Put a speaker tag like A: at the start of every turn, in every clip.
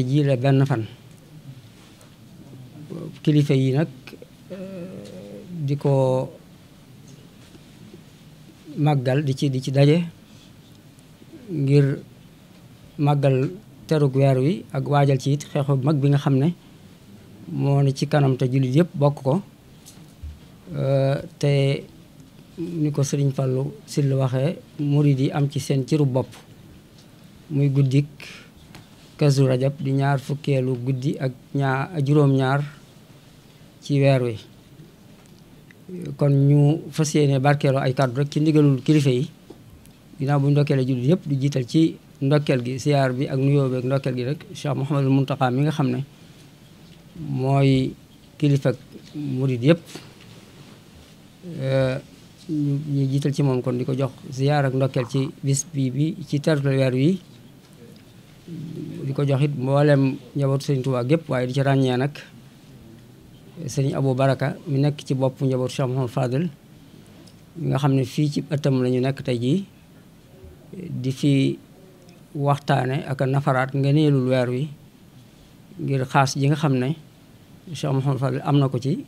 A: ji la benn fan kilifa yi nag eh, di ko màggal di ci daje ngir màggal terug weer wi ak waajal ci it xeexu mag bi nga xam ne moo ne ci kanam te jullit yëpp bokk ko eh, te ni ko sëriñ Fallou Syll waxee murid yi am ci seen cëru bopp muy guddik kazu rajab di ñaar fukkeelu guddi ak ñaar juróom-ñaar ci weer wi kon ñu fas yéene barkeeloo ay kàddu rek ci ndigalul kilifa yi ginnaaw bu ndokkeele jullit yëpp di jiital ci ndokkeel gi siyaar bi ak nuyoo bi ndokkeel gi rek Cheikh Mouhamadul Mountakha mi nga xam ne mooy kilifa ak murid ñu jiital ci moom kon di ko jox siyaar ndokkeel ci bis bi bi ci tertal weer wi di ko jox it mboolem njabootu sëñ Tuubaa gépp waaye di ci ràññee nag sëñ abu Baraka mu nekk ci bopp njabootu Cheikh Mouhamed Fadel mi nga xam ne fii ci ëttam la ñu nekk tey jii di fi waxtaane ak a nafaraat ngëneelul weer wi ngir xas ji nga xam ne Cheikh Mouhamed Fadel am na ko ci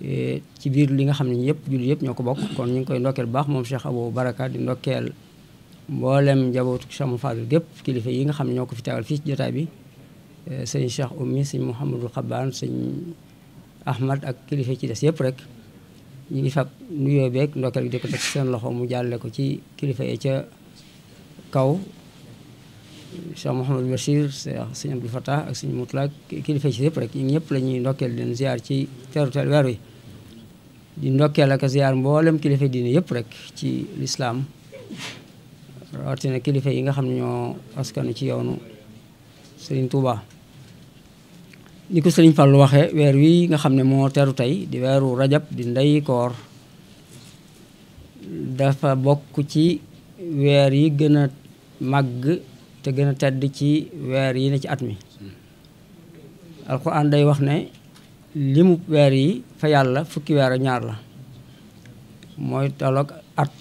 A: e, ci biir li nga xam ne ñëpp julli yëpp ñoo ko bokk kon ñu ngi koy ndokkeel baax moom Cheikh Abou Baraka di ndokkeel mboolem njabootu Cheikh Mouhamadou Fadel gépp kilifa yi nga xam ne ñoo ko fi teewal fii ci jotaay bi eh, sëñ Cheikh Oumy sëñ Mouhamadou Xabaan sëñ Ahmad ak kilifa ci des yëpp rek ñu ngi fab nuyoo beeg ndokkeel gi di seen loxo mu jàlle ko ci kilifa yi ca kaw Cheikh Mouhamadou Bachir sëñ Abdou Fatah ak sëñ Moutlak kilifa ci yépp rek ñu ñëpp la ñuy ndokkeel leen ziar ci teeru teel weer di ndokkeel ak ziar mboolem kilifa diine yëpp rek ci lislaam rawatina kilifa yi nga xam ne ñoo askanu ci yoonu Serigne Touba. ni ko Serigne lu waxee weer wi nga xam ne moo teru tey di weeru rajab di ndey koor dafa bokk ci weer yi gën a màgg te gën a tedd ci weer yi ne ci at mi alxuraan day wax ne limu weer yi fa yàlla fukki weer ak ñaar la mooy tolloog at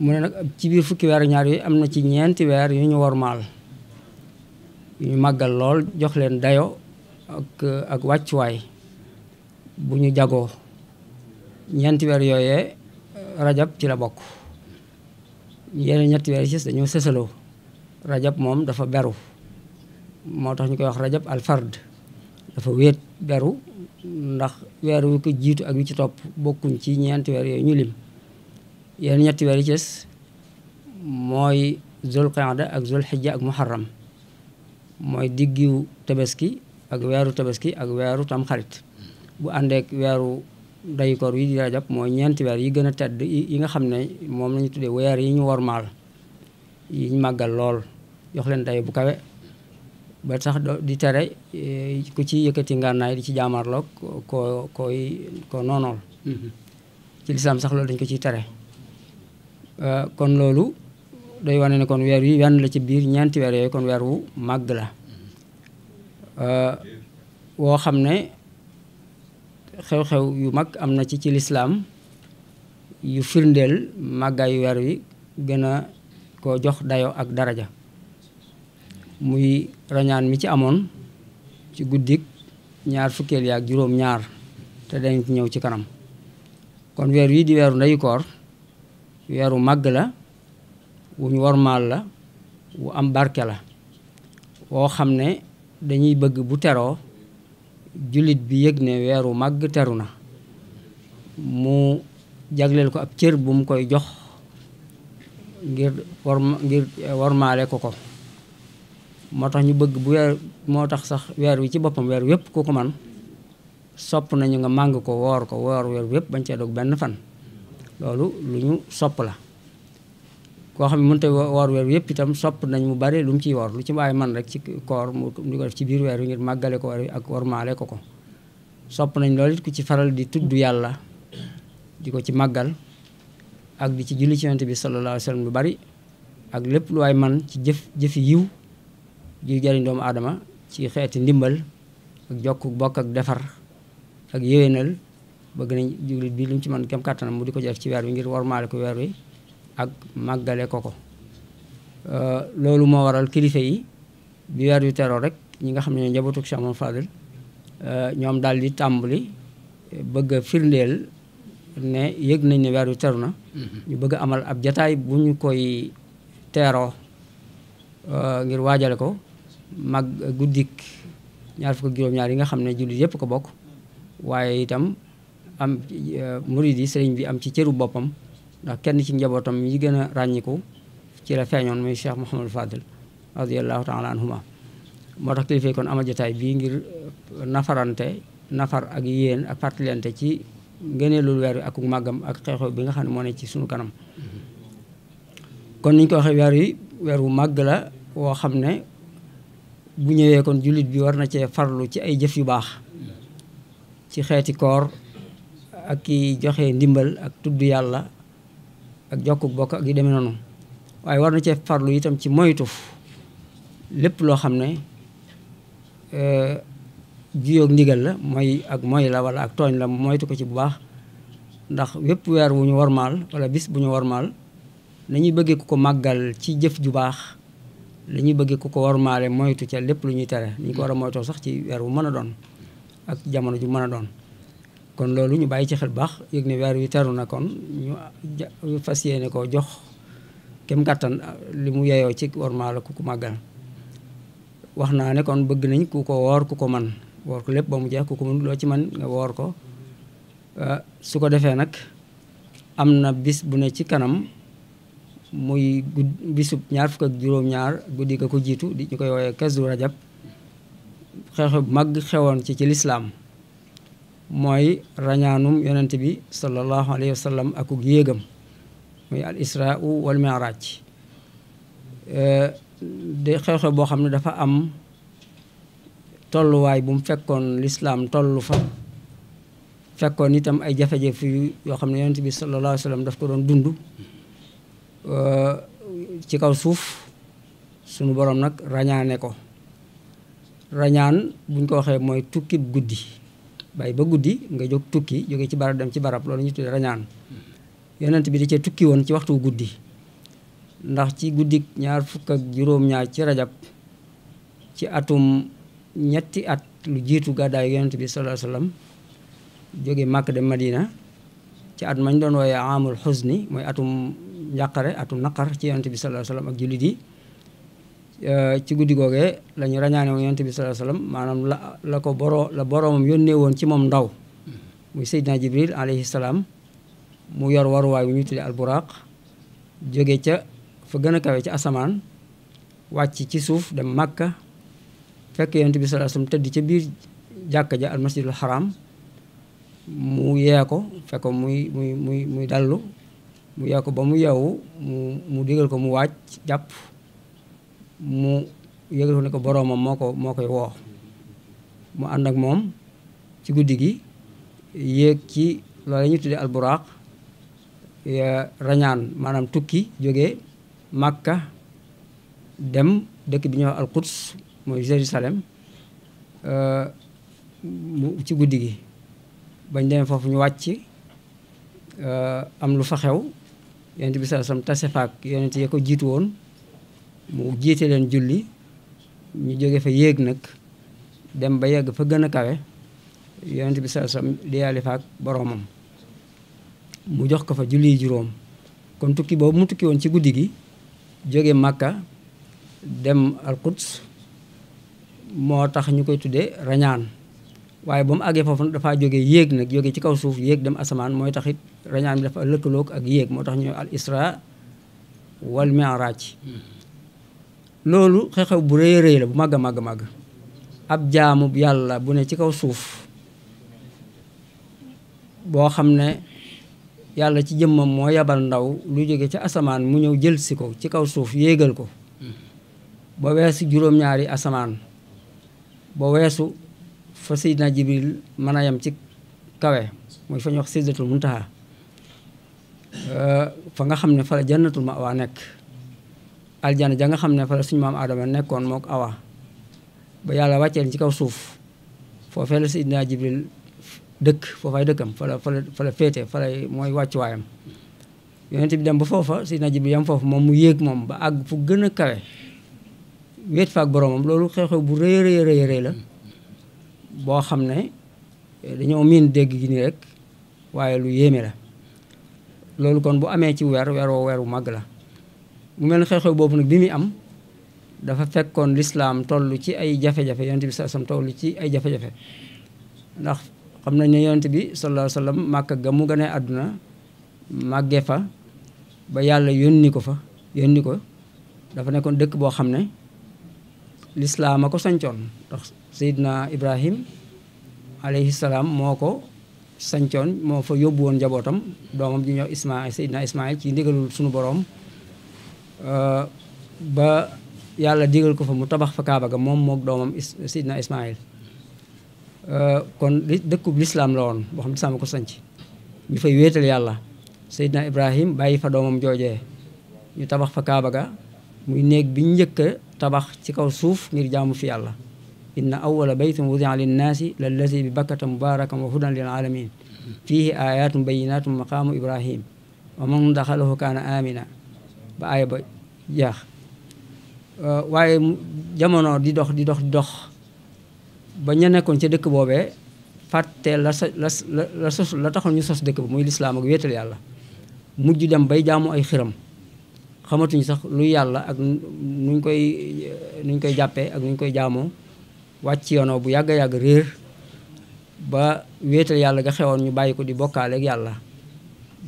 A: mu ne nag ci biir fukki weeru ñaar yooyu am na ci ñeenti weer yu ñu wormaal yu ñu màggal lool jox leen dayo ak ak wàccuwaay bu ñu jagoo ñeenti weer yooyee rajab ci la bokk yeneen ñetti weer yi ci dañoo sësaloo rajab moom dafa beru moo tax ñu koy wax rajab alfard dafa wéet beru ndax weer wi ko jiitu ak wi ci topp bokkuñ ci ñeenti weer yooyu ñu lim yeneen ñetti weer yi ci des mooy zul qaada ak zul xijja ak muharram mooy diggiwu tabaski ak weeru tabaski ak weeru tamxarit bu àndeek weeru dayu wi yi di rajab mooy ñeenti weer yi gën a tedd yi nga xam ne moom la ñu tuddee weer yi ñu wormaal yi ñu màggal lool jox leen dayu bu kawe ba tax di tere eh, ku ci yëkkati ngànnaay di ci jaamaarloog koo koy ko noonool mm-hmm. ci lislaam sax loolu dañ ko ciy tere Euh, kon loolu day wane ne kon weer wi wenn la ci biir ñeenti weer yooyu kon weer wu màgg la euh, woo xam ne xew-xew yu mag am na ci ci lislaam yu firndeel màggaayu weer wi gën a koo jox dayo ak daraja muy rañaan mi ci amoon ci guddik ñaar fukkeel ak juróom ñaar te dañ ñëw ci kanam kon weer wi di weeru ndeyu koor weeru màgg la wu ñu wormaal la wu am barke la woo xam ne dañuy bëgg bu teroo jullit bi yëg ne weeru màgg teru na mu jagleel ko ab cër bu mu koy jox ngir eh, wormaale ko ko moo tax ñu bëgg bu weer moo tax sax weer wi ci boppam weer wépp ku ko man sopp nañu nga màng ko woor ko woor weer wépp bañ cee dog benn fan loolu lu ñu sopp la koo xam ne mënut a woor weer yëpp itam sopp nañ mu bari lu mu ciy woor lu ci waaye man rek ci koor mu di ko def ci biir weer wi ngir màggale ko weer ak wormaale ko ko sopp nañ loolu it ku ci faral di tudd yàlla di ko ci màggal ak di ci julli bi sallallahu alayhi wa lu bari ak lépp lu waay man ci jëf jëfi yiw ji jariñ doomu aadama ci xeeti ndimbal ak jokk bokk ak defar ak yéwénal bëgg nañ jullit bi lu mu ci mën kem kàttanam mu di ko def ci weer wi ngir wormaale ko weer wi ak màggale ko ko euh, loolu moo waral kilifa yi bi weer wi teroo rek ñi nga xam ne njabootu Cheikh Mouhamed Fadel euh, ñoom daal di tàmbali bëgg a firndeel ne nañ ne weer wi na mhm. ñu bëgg amal ab jataay bu ñu koy teeroo euh, ngir waajale ko mag guddik ñaar fukk ñaar yi nga xam ne jullit yëpp ko bokk waaye itam am euh, murid yi sëriñ bi am ci cëru boppam ndax kenn ci njabootam yi gën a ràññiku ci la feeñoon muy Cheikh Mouhamadou Fadil radiallahu taala anhuma moo tax kilifa kon ama jotaay bii ngir euh, nafarante nafar ak yéen ak fàttalante ci ngëneelul weer wi ak màggam ak xeexoo bi nga xam ne moo ne ci suñu kanam kon niñ ko waxee weer wi weer wu màgg la woo xam ne bu ñëwee kon jullit bi war na cee farlu ci ay jëf yu baax ci xeeti koor ak ki joxe ndimbal ak tudd yàlla ak jokkuk bokk ak yu demee noonu waaye war na cee farlu itam ci moytu lépp loo xam ne e, jiyoog ndigal la mooy ak mooy la wala ak tooñ la moytu ko ci bu baax ndax wépp weer wu ñu warmaal wala bis bu ñu warmaal nañuy bëggee ku ko màggal ci jëf ju baax la ñuy bëggee ku ko warmaale moytu ca lépp lu ñuy tere li ko war a moytoo sax ci weer wu mën a doon ak jamono ju mën a doon kon loolu ñu bàyyi ci xel baax yëg ne weer wi teru na kon ñu fas yéene koo jox kem kàttan li mu yeyoo ci warmaa la ku ko màggal wax naa ne kon bëgg nañ ku ko woor ku ko man woor ko lépp ba mu jeex ku ko mën loo ci man nga woor ko su ko defee nag am na bis bu ne ci kanam muy gudd bisub ñaar fukk ak juróom-ñaar guddi ga ko jiitu di ñu koy woowee kazu rajab xew-xew bu mag xewoon ci ci lislaam mooy rañaanum yonent bi sallallahu alayhi wa sallam akuk yéegam muy al israa wal miraaj eh, di xew-xew boo xam ne dafa am tolluwaay bu mu fekkoon lislaam tollu fa fekkoon itam ay jafe-jafe yoo xam ne yonent bi sallallahu alayhi wa daf ko doon dund eh, ci kaw suuf sunu boroom nag rañaane ko rañaan buñ ko waxee mooy tukkib guddi bàyyi ba guddi nga jóg tukki jóge ci barab dem ci barab loolu ñu tuddee rañaan yonent bi di cee tukki woon ci waxtu guddi ndax ci guddik ñaar fukk ak juróom-ñaar ci rajab ci atum ñetti at lu jiitu gàddaayu yonent bi sallallahu alayhi jóge Màkk dem Madina ci at mañ doon wooye amul xusni mooy atum njàqare atum naqar ci yonent bi sallallahu alayhi wasallam ak jullit Eh, ci guddi googee la ñu rañaane woon bi sallallahu alayhi wasallam maanaam la la ko boroo la boroomam yónnee woon ci moom ndaw muy Seydina Jibril alayhi salaam mu yor waruwaay wu ñu tuddee alburaaq jóge ca fa gën a kawe ci asamaan wàcc ci suuf dem Makka fekk yonent bi sallallahu tëdd ca biir jàkka ja al masjidul haram mu yee ko fekk muy muy muy muy dallu mu yee ko ba mu yeewu mu mu digal ko mu wàcc jàpp mu yëgal ne ko boroomam moo ko moo koy woo mu ànd ak moom ci guddi gi yéeg ci loolu ñu tuddee alburaaq rañaan maanaam tukki jóge makka dem dëkk bi ñuy wax alquds mooy jérusalem euh, ci guddi gi bañ demee foofu ñu wàcc euh, am lu fa xew yonent bi sallallahu alayhi wasallam tase faak yonent ya ko jiitu woon mu jiite leen julli ñu jóge fa yéeg nag dem ba yegg fa gën a kawe yonent bi saa sam diyaali fa boroomam mu jox ko fa julli juróom kon tukki boobu mu tukki woon ci guddi gi jóge Makka dem Alquds moo tax ñu koy tuddee rañaan waaye ba mu àggee foofu dafa jógee yéeg nag jóge ci kaw suuf yéeg dem asamaan mooy tax it rañaan bi dafa lëkkaloog ak yéeg moo tax ñu al isra wal mi'raj loolu xew-xew bu rëy rëy la bu màgg a màgg màgg ab jaamu yàlla bu ne ci kaw suuf boo xam ne yàlla ci jëmmam moo yabal ndaw lu jóge ci asamaan mu ñëw jël si ko ci kaw suuf yéegal ko ba weesu juróom-ñaari asamaan ba weesu fa Seydina Jibril mën a yem ci kawe mooy fa ñu wax Sidratul Muntaha fa nga xam ne fa la ma waa nekk aljana ja nga xam ne fa la suñu maam nekkoon mook awa ba yàlla wàcceel ci kaw suuf foofee la Seydina Jibril dëkk foofaay dëkkam fa la fa la féete fa la mooy wàccuwaayam yonent bi dem ba foofa Seydina Jibril yam foofu moom mu yéeg moom ba àgg fu gën a kawe wéet fa ak boroomam loolu xew-xew bu rëy rëy rëy rëy la boo xam ne eh, dañoo miin dégg gi nii rek waaye lu yéeme la loolu kon bu amee ci weer weeroo weeru màgg la mu mel ne xew-xew boobu nag bi muy am dafa fekkoon lislaam toll ci ay jafe-jafe yonent bi sallallahu alayhi ci ay jafe ndax xam na ne yonent bi sallallahu alayhi wasallam ga mu gën a àdduna màggee fa ba yàlla yónni ko fa yónni ko dafa nekkoon dëkk boo xam ne lislaam a ko sancoon ndax Seydina Ibrahim alayhi salaam moo ko sancoon moo fa yóbbu woon njabootam doomam ji ñoo Ismaayil Seydina Ismaayil ci ndigalul sunu boroom Euh, ba yàlla digal ko fa mu tabax fa kaaba moom moog doomam sidna Ismaayil euh, kon li dëkkub lislaam la woon boo xam ne sama ko sanc ñu fay wéetal yàlla seydina ibrahim bàyyi fa doomam joojee ñu tabax fa kaaba muy néeg bi ñu njëkk a tabax ci kaw suuf ngir jaamu fi yàlla inna awala baytin wudia linnaasi lallazi bi bakkata mubarakan wa hudan lil alamin mu ayatum bayinatum maqaamu ibrahim wa man daxalahu kaana amina ba aaya ba jaax euh, waaye jamono di dox di dox di dox ba ña nekkoon ca dëkk boobee fàtte la sa la la la taxoon ñu sos dëkk ba muy lislaam ak wéetal yàlla mujj dem bay jaamu ay xiram xamatuñu sax luy yàlla ak nuñ koy nuñ koy jàppee ak nuñ koy jaamoo wàcc yoonoo bu yàgg yàgg réer ba wéetal yàlla ga xewoon ñu bàyyi ko di bokkaaleek yàlla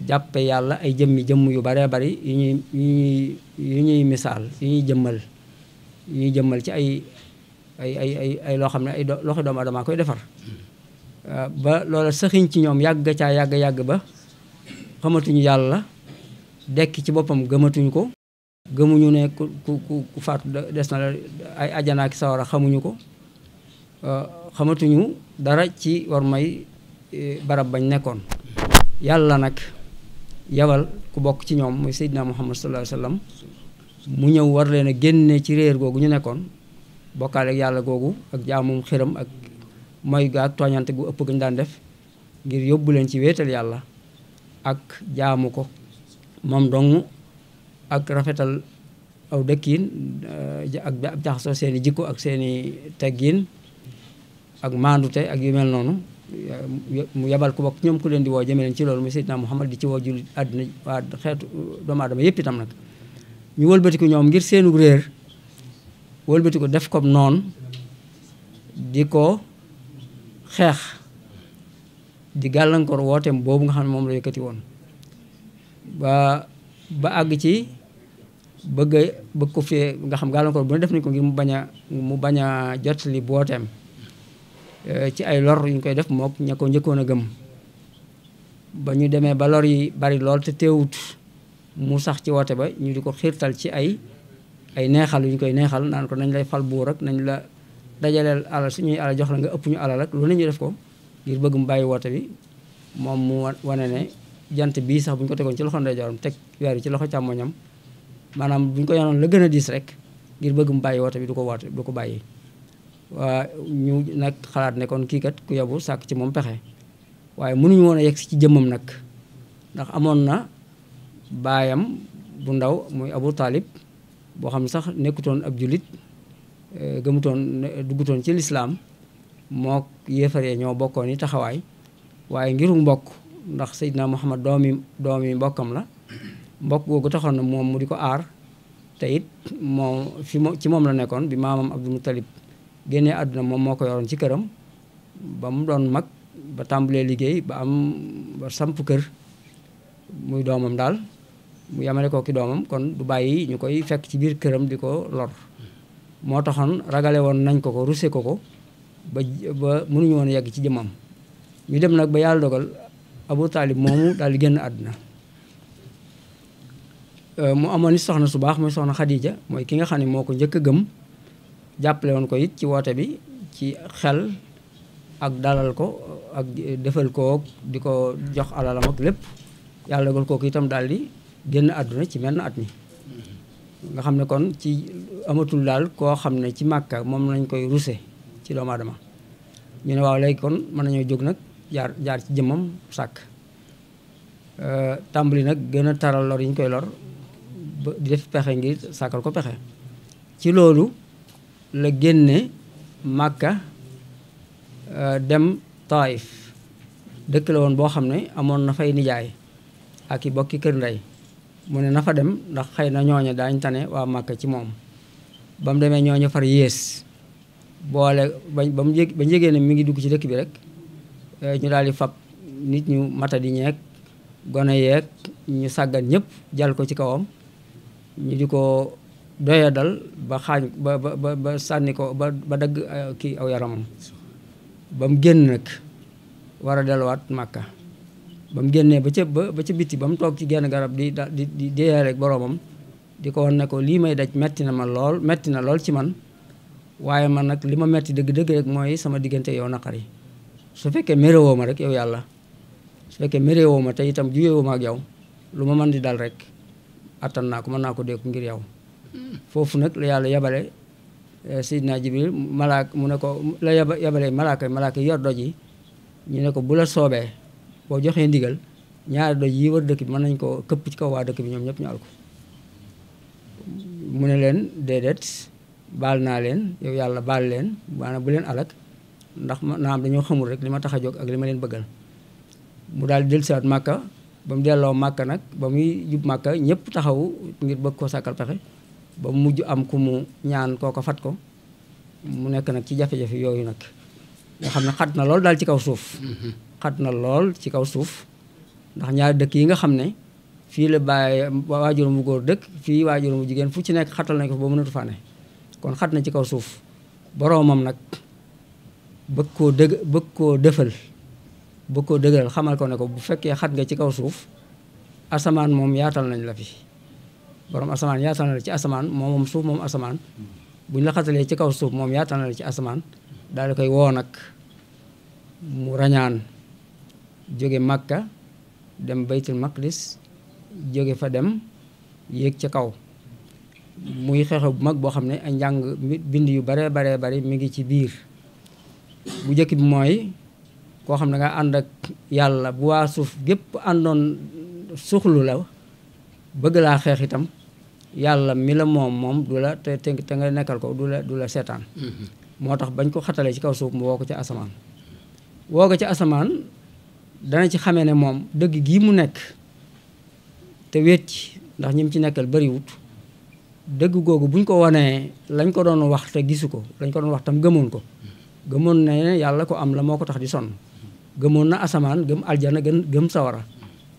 A: jàppe yàlla ay jëmmi jëmm yu baree bari yu ñuy yu ñuy yu ñuy misaal yu ñuy jëmmal yu ñuy jëmmal ci ay ay ay ay loo xam ne ay loxo doomu aadama koy defar euh, ba loola sëxiñ ci ñoom yàgg ca yàgg yàgg ba xamatuñu yàlla dekk ci boppam gëmatuñu ko gëmuñu ne ku ku ku faatu des na la ay ajana ak sawara xamuñu ko euh, xamatuñu dara ci war may euh, barab bañ nekkoon yàlla nag yabal ku bokk ci ñoom muy Seydina Muhammad sallallahu alayhi mu ñëw war leen a génne ci réer googu ñu nekkoon bokkaale yàlla googu ak jaamum xiram ak mooy gaa tooñante gu ëpp gu daan def ngir yóbbu leen ci wéetal yàlla ak jaamu ko moom dong ak rafetal aw dëkkiin eh, ak jaxasoo seeni jikko ak seeni teggiin ak maandute ak yu mel noonu mu yebal ku bokk ñoom ku leen di woo jëmee leen ci loolu muy Seydina Muhammad di ci woo jullit àdduna waa xeetu doomu aadama yëpp itam nag ñu wëlbatiku ñoom ngir seenu réer wëlbatiku def ko noonu di ko xeex di gàllankoor wooteem boobu nga xam ne moom la yëkkati woon ba ba àgg ci bëgg bëgg ko fee nga xam gàllankoor bu ne def nañ ko ngir mu bañ mu bañ a jot li booteem Euh, ci ay lor yu ñu koy def mook ña ko njëkkoon a gëm ba ñu demee ba lor yi bari lool te teewut mu sax ci woote ba ñu di ko xiirtal ci ay ay neexal yu ñu koy neexal naan ko nañ lay fal buur ak nañu la dajaleel alal suñuy alal jox la nga ëpp ñu alal ak lu ne ñu def ko ngir bëgg mu bàyyi woote bi moom mu wane ne jant bii sax bu ñu ko tegoon ci loxo ndeyjooram teg weer yi ci loxo càmmoñam maanaam bu ñu ko yanoon la gën a diis rek ngir bëgg mu bàyyi woote bi du ko woote du ko bàyyi waa ñu nag xalaat nekkoon kii kat ku yabu sàkk ci moom pexe waaye mënuñu woon a yegg si ci jëmmam nag ndax amoon na baayam bu ndaw muy Abu Talib boo xam ne sax nekkutoon ab jullit eh, gëmutoon duggutoon ci lislaam moo yéefaree ñoo bokkoon yi taxawaay waaye ngiru mbokk ndax Seydina Muhammad doomi doomi mbokkam la mbokk googu taxoon na moom mu di ko aar te it moom fi ci moom la nekkoon bi maamam Abdul Muttalib génne àdduna moom moo ko yoroon ci këram ba mu doon mag ba tàmbalee liggéey ba am ba samp kër muy doomam daal mu yamale ko ki doomam kon du bàyyi ñu koy fekk ci biir këram di ko lor moo taxoon ragale woon nañ ko ko ruse ko ko ba ba mënuñu woon yegg ci jëmmam ñu dem nag ba yàlla dogal Abu Taalib moomu daal di génn àdduna euh, mu amoon ni soxna su baax mooy soxna Xadija mooy ki nga xam ne moo ko njëkk gëm jàppale woon ko it ci woote bi ci xel ak dalal ko ak defal kook di ko jox alalam ak lépp yàlla dogal kooku itam dal di génn àdduna ci menn at mi nga xam ne kon ci amatul daal koo xam ne ci màkka moom lañ koy ruse ci doomu aadama ñu ne waaw léegi kon mën nañoo jóg nag jaar jaar ci jëmmam sàkk tàmbali nag gën a taral lor yi ñu koy lor ba di def pexe ngir sàkkal ko pexe ci loolu la génne màkka euh, dem taif dëkk la woon boo xam ne amoon na fay nijaay ak i bokki kër ndey mu ne na fa dem ndax xëy na ñooña daañ tane waa màkka ci moom ba mu demee ñooña far yées boole ba ba mu yëg ba ñu yëgee ne mi ngi dugg ci dëkk bi rek euh, ñu daal di fab nit ñu di ñeeg gone yeeg ñu sàggan ñëpp jal ko ci kawam ñu di ko doya dal ba xaañ ba ba ba sànni ko ba ba dagg eh, kii aw yaramam ba mu génn nag war a delluwaat makka ba mu génnee ba ca ba ca bitti ba mu toog ci genn garab di di di déyee rek boroomam di ko wan ne ko lii may daj metti na ma lool metti na lool ci man waaye man nag li ma metti dëgg-dëgg rek mooy sama diggante yow naqar yi su fekkee méréwoo ma rek yow yàlla su fekkee méréwoo ma te itam juyewoo ma ak yow lu ma mën di dal rek attan naa ko mën naa ko dékku ngir yow foofu nag la yàlla yabale eh, Seydina Jibril malaak mu ne ko la yabale malaaka malaaka yor doj yi ñu ne ko bu la soobee boo joxee ndigal ñaari doj yi war dëkk bi mën nañ ko këpp ci kaw waa dëkk bi ñoom ñëpp ñu al mu ne leen déedéet baal naa leen yow yàlla baal leen maanaam bu leen alak ndax naam dañoo xamul rek li ma tax a jóg ak li ma leen bëggal mu daal di dellusiwaat màkka ba mu delloo màkka nag ba muy jub màkka ñëpp taxaw ngir bëgg koo sàkkal ba mujj am ku mu ñaan kooko fat ko mu nekk nag ci jafe-jafe yooyu nag nga xam ne xat na lool daal ci kaw suuf xat na lool ci kaw suuf ndax ñaari dëkk yi nga xam ne fii la bàyyi waajuram mu góor dëkk fii waajuram bu jigéen fu ci nekk xatal nañ ko ba mënatu faa ne kon xat na ci kaw suuf boroomam nag bëgg koo dëg bëgg koo dëfal bëgg koo dëgëral xamal ko ne ko bu fekkee xat nga ci kaw suuf asamaan moom yaatal nañ la fi borom asamaan yaatal na la ci asamaan moom moom suuf moom asamaan bu ñu laxatalee ci kaw suuf moom yaatal na la ci asamaan daal di koy woo nag mu rañaan jóge Makka dem baytul maqdis jóge fa dem yéeg ci kaw muy xeexu bu mag boo xam ne ay njàng bind yu baree baree bari mi ngi ci biir bu njëkk bi mooy koo xam ne nga ànd ak yàlla bu waa suuf gépp àndoon suuxlu la bëgg laa xeex itam yàlla mi la moom moom du la te te nga nekkal ko du la du la seetaan mm-hmm. moo tax bañ ko xatalee ci kaw suuf mu woo ko ci asamaan woo ko ci asamaan dana ci xame ne moom dëgg gii mu nekk te wéet ci ndax ñi mu ci nekkal bariwut dëgg googu buñ ko wanee lañ ko doon wax te gisu ko lañ ko doon wax tam gëmoon ko gëmoon na yàlla ko am la moo ko tax di sonn gëmoon na asamaan gëm aljana gën gëm sawara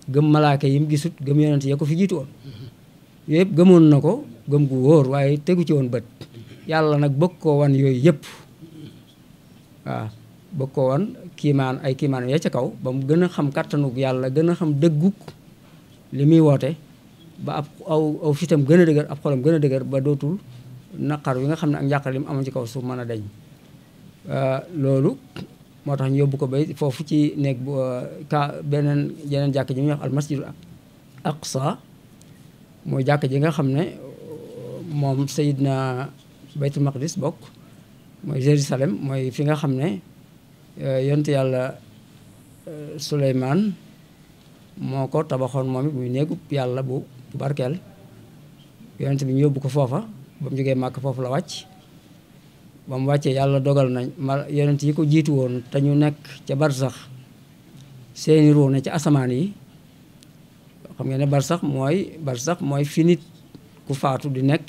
A: gëm yi mu gisut gëm yonent ya ko fi jiitu woon yëpp gëmoon na ko gëm gu wóor waaye tegu ci woon bët yàlla nag bëgg koo wan yooyu yëpp waaw bëgg koo wan kiimaan ay kiimaan ya ca kaw ba mu gën a xam kàttanug yàlla gën a xam dëggug li muy woote ba ab aw aw fitam gën a dëgër ab xolam gën a dëgër ba dootul naqar wi nga xam ne ak njàqar li mu amoon ci kaw suuf mën a deñ loolu moo tax ñu yóbbu ko bay foofu ci nekk euh, ka beneen yeneen jàkk ji ñuy wax almasjidul aqsa mooy jàkk ji nga xam ne moom Seydina Baytul Maqdis bokk mooy Jérusalem mooy fi nga xam ne euh, yonent yàlla euh, Suleymaan moo ko tabaxoon moom it muy néegub yàlla bu barkeel yonent bi ñu yóbbu ko foofa ba mu jógee màkk foofu la wàcc ba mu wàccee yàlla dogal nañ ma yonent yi ko jiitu woon te ñu nekk ca sax seeni ruu na ci asamaan yi xam ngeen ne barsax mooy barsax mooy fi nit ku faatu di nekk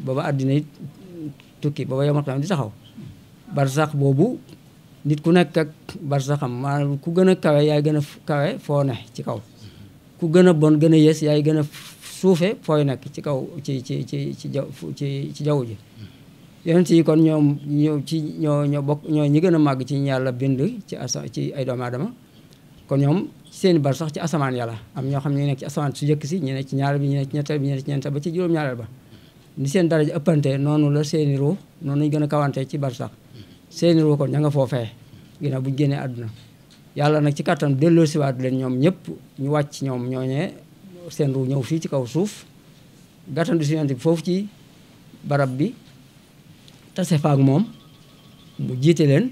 A: baba àddina it tukki ba yomal xam barsax boobu nit ku nekk ak barsaxam maanaam ku gën a kawe yaay gën a kawe foo ne ci kaw ku gën a bon gën a yées yaay gën a suufe fooy nekk ci kaw ci ci ci ci ci jaww ji yonent yi kon ñoom ñoo ci ñoo ñoo bokk ñoo ñi gën a màgg ci yàlla bind ci asa ci ay doomu aadama kon ñoom ci seen bar sax ci asamaan yàlla am ñoo xam ne ñu nekk ci asamaan su njëkk si ñu nekk ci ñaar bi ñu nekk ci ñetteel bi ñu ci ñeenteel ba ci juróom-ñaareel ba ni seen daraja ëppante noonu la seeni ruu noonu lañ gën a kawantee ci bar sax seeni ruu kon ña nga foofee àdduna yàlla nag ci kàttan delloo leen ñoom ñëpp ñu wàcc ñoom ñooñee seen ñëw fii ci kaw suuf gàttandu si yonent bi foofu ci barab bi tase faak moom mu jiite leen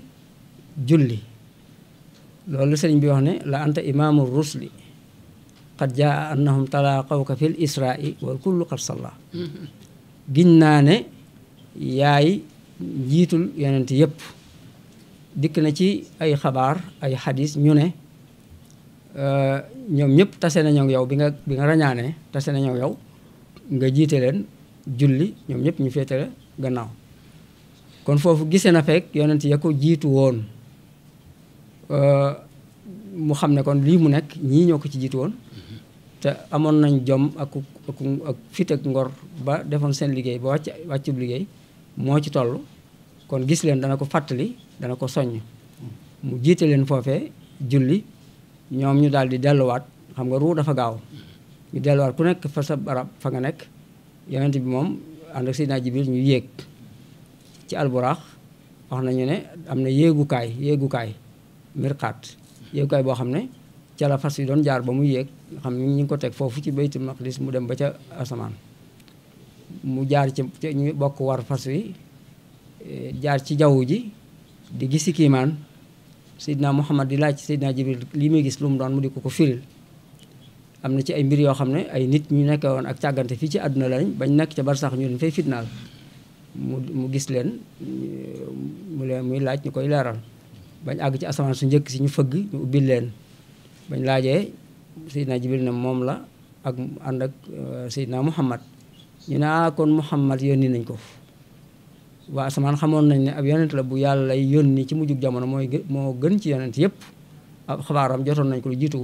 A: julli loolu sëriñ bi wax ne la anta imaamu rusli qad jaa annahum talaaqawka fil isra'i wal kullu qad salla giñ naa ne yaay njiitul yonent yépp dikk na ci ay xabaar ay xadis ñu ne ñoom ñëpp tase nañu ak yow bi nga bi nga rañaanee tase nañu ak yow nga jiite leen julli ñoom ñëpp ñu féetale gannaaw kon foofu gisee na fekk yonent ya ko jiitu woon mu xam ne kon lii mu nekk ñii ñoo ko ci jiitu woon te amoon nañ jom ak fit ak ngor ba defoon seen liggéey ba wàcc wàccub liggéey moo ci toll kon gis leen dana ko fàttali dana ko soññ mu jiite leen foofee julli ñoom ñu daal delluwaat xam nga ruu dafa gaaw ñu delluwaat ku nekk fa sa barab fa nga nekk yonent bi moom ànd ak Seydina Jibril ñu yéeg ci alburaax wax nañu ne am na yéegukaay yéegukaay mirqaat yéegukaay boo xam ne ca la fas yi doon jaar ba mu yéeg xam ne ñu ngi ko teg foofu ci bay baytul maqdis mu dem ba ca asamaan mu jaar ci ñu bokk war fas wi eh, jaar ci jaww ji di gisi kiimaan Seydina Muhammad di laaj Seydina Jibril lii muy gis lu mu doon mu di ko ko firil am na ci ay mbir yoo xam ne ay nit ñu nekkee woon ak càggante fii ci àdduna lañ bañ nekk ca barsax ñu leen fay fitnaal mu mu gis leen eh, mu leen muy laaj ñu koy leeral bañ àgg ci asamaan su njëkk si ñu fëgg ñu ubbil leen bañ laajee Seydina Jibril na moom la ak ànd ak euh, Seydina Muhammad ñu ne ah kon Muhammad yónni nañ ko waa asamaan xamoon nañ ne ab yonent la bu yàlla lay yónni ci mujjug jamono mooy moo gën ci yonent yëpp ab xabaaram jotoon nañ ko lu jiitu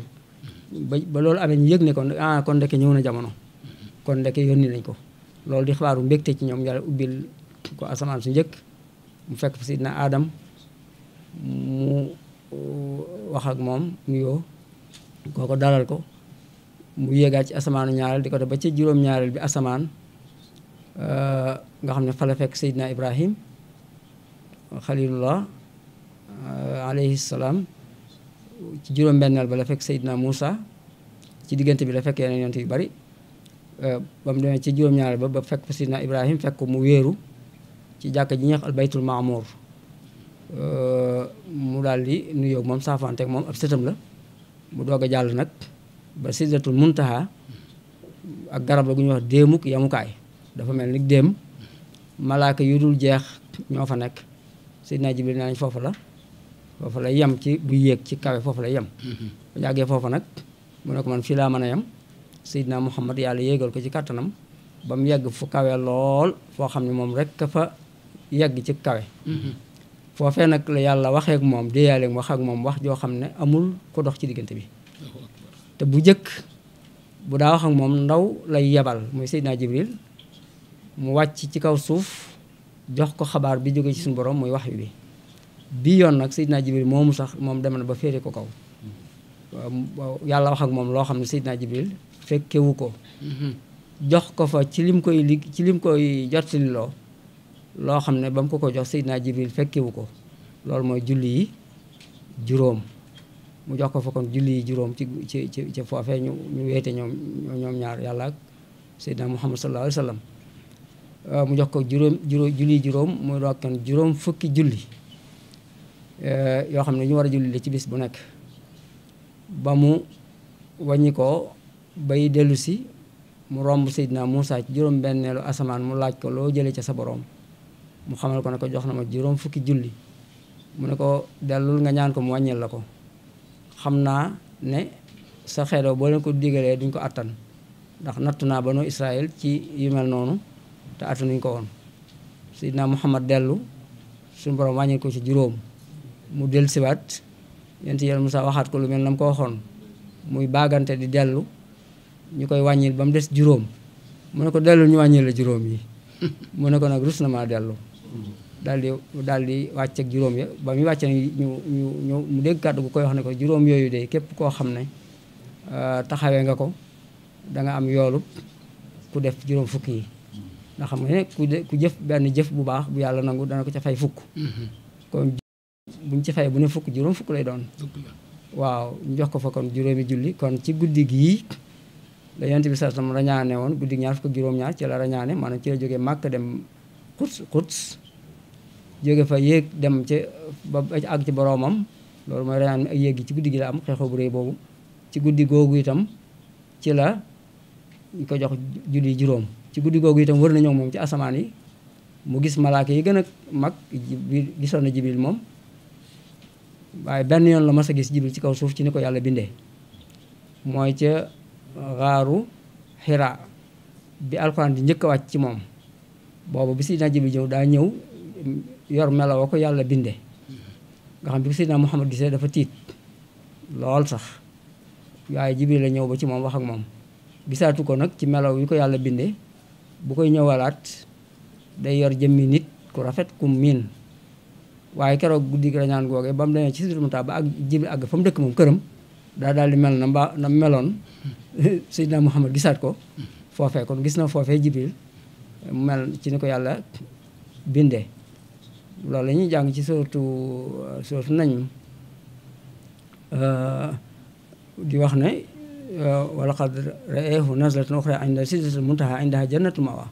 A: ba ba loolu amee ñu yëg ne kon ah, kon ndeke ñëw na jamono kon ndeke yónni nañ ko loolu di xabaaru mbégte ci ñoom yàlla ubbil ko asamaan su njëkk mu fekk fa Seydina Adam mu wax ak moom nuyoo kooko dalal ko mu yéegaat ci asamaanu ñaareel di ko def ba ci juróom-ñaareel bi asamaan nga xam ne fa la fekk Seydina Ibrahim xalilullah alayhi salaam ci juróom-benneel ba la fekk Seydina Moussa ci diggante bi la fekk yeneen yonent yu bari ba mu demee ci juróom-ñaareel ba ba fekk fa Seydina Ibrahim fekk ko mu wéeru ci jàkka ji ñeex al baytul maamour Euh, mu daal di nuyoo moom saafaanteeg moom ab sëtam la mu doog a jàll nag ba sidratul muntaha ak garab la gu ñuy wax déemuk yamukaay dafa mel ni déem malaaka yu dul jeex ñoo fa nekk sidna jibril nee nañ foofu la foofu lay yem ci bu yéeg ci kawe foofu lay yem mm-hmm. bu yàggee foofa nag mu ne ko man fii laa mën a yem sidna muhammad yàlla yéegal ko ci kàttanam ba mu yegg fu kawe lool foo xam ni moom rek fa yegg ci kawe mm-hmm. foofee nag la yàlla waxeek ak moom déeyaale wax ak moom wax joo xam ne amul ku dox ci diggante bi te bu jëkk bu daa wax ak moom ndaw lay yebal muy Seydina Jibril mu wàcc ci kaw suuf jox ko xabaar bi jóge ci suñu borom muy wax bi bii yoon nag Seydina Jibril moomu sax moom dem na ba féere ko kaw yàlla wax ak moom loo xam ne Seydina Jibril fekkewu ko mhm. jox ko fa ci lim koy lig ci lim koy jottali loo loo xam ne ba mu ko ko jox Seydina Jibril fekkiwu ko loolu mooy julli yi juróom mu jox ko fa kon julli yi juróom ci ci ci ci ñu weete ñoom ñaar yàlla ak Seydina Muhammad sallallahu alayhi wa sallam euh, mu jox ko juróom juróom julli juróom mu juróom fukki julli euh, yoo xam ne ñu war a julli ci bis bu nekk ba mu wàññi ko bay dellu mu romb Seydina Moussa ci juróom benneelu asamaan mu laaj ko loo jëlee ca sa boroom mu xamal ko ne ko jox na ma juróom fukki julli mu ne ko dellul nga ñaan ko mu wàññeel la ko xam naa ne sa xeetoo boo leen ko digalee duñ ko àttan ndax nattu naa ba banu Israël ci yu noonu te attanuñ ko woon Seydina Muhammad dellu suñu borom wàññil ko ci juróom mu del siwaat yonent Yàlla Musaa waxaat ko lu mel na mu ko waxoon muy baagante di dellu ñu koy wàññil ba mu des juróom mu ne ko dellul ñu wàññeel la juróom yi mu ne ko nag rus na ma dellu daal di daal di wàcc juróom ya ba mu wàcce ñu ñu ñu mu dégg kàddu gu koy wax ne ko juróom yooyu de képp koo xam ne euh, taxawee nga ko danga am yoolub ku def juróom fukk yi ndax xam nga ne ku de ku jëf benn jëf bu baax bu yàlla nangu dana ko ca fay fukk mm-hmm. kon buñ ci fay bu ne fukk juróom fukk lay doon waaw ñu jox ko fa kon juróomi julli kon ci guddi gii la yonent bi sallallahu alayhi wasallam woon guddi ñaar fukk juróom-ñaar ci la rañaane maanaam ci la jógee màkk dem xuts jóge fa yéeg dem ca ba àgg ci boroomam loolu mooy rañaan mi ak yéeg gi ci guddi gi la am xew bu rëy boobu ci guddi googu itam ci la ñu ko jox julli juróom ci guddi googu itam wër nañoo moom ci asamaan yi mu gis malaaka yi gën a mag gisoon na jibril moom waaye benn yoon la mas a gis jibril ci kaw suuf ci ni ko yàlla bindee mooy ca xaaru xiraa bi alxuraan di njëkk a wàcc ci moom boobu bi si dina jibril ñëw daa ñëw yor melawoo ko yàlla binde nga xam bi ko Seydina Muhammad gisee dafa lool sax waaye Jibril la ñëw ba moom wax ak moom gisaatu ko nag ci melow yi ko yàlla binde bu koy ñëwalaat day yor jëmmi nit ku rafet ku miin waaye keroog guddi gi googee ba mu demee ci Sidrul Muntaha ba ak Jibril àgg fa mu dëkk moom këram daa daal di mel na mbaa na meloon Seydina Muhammad gisaat ko foofee kon gis na foofee Jibril mel ci ni ko yàlla binde loolu la ñuy jàng ci sootu euh, sootu nañu euh, di wax ne euh, wala qad ra'ayhu nazlatan ukhra inda sidratil muntaha indaha jannatul ma'wa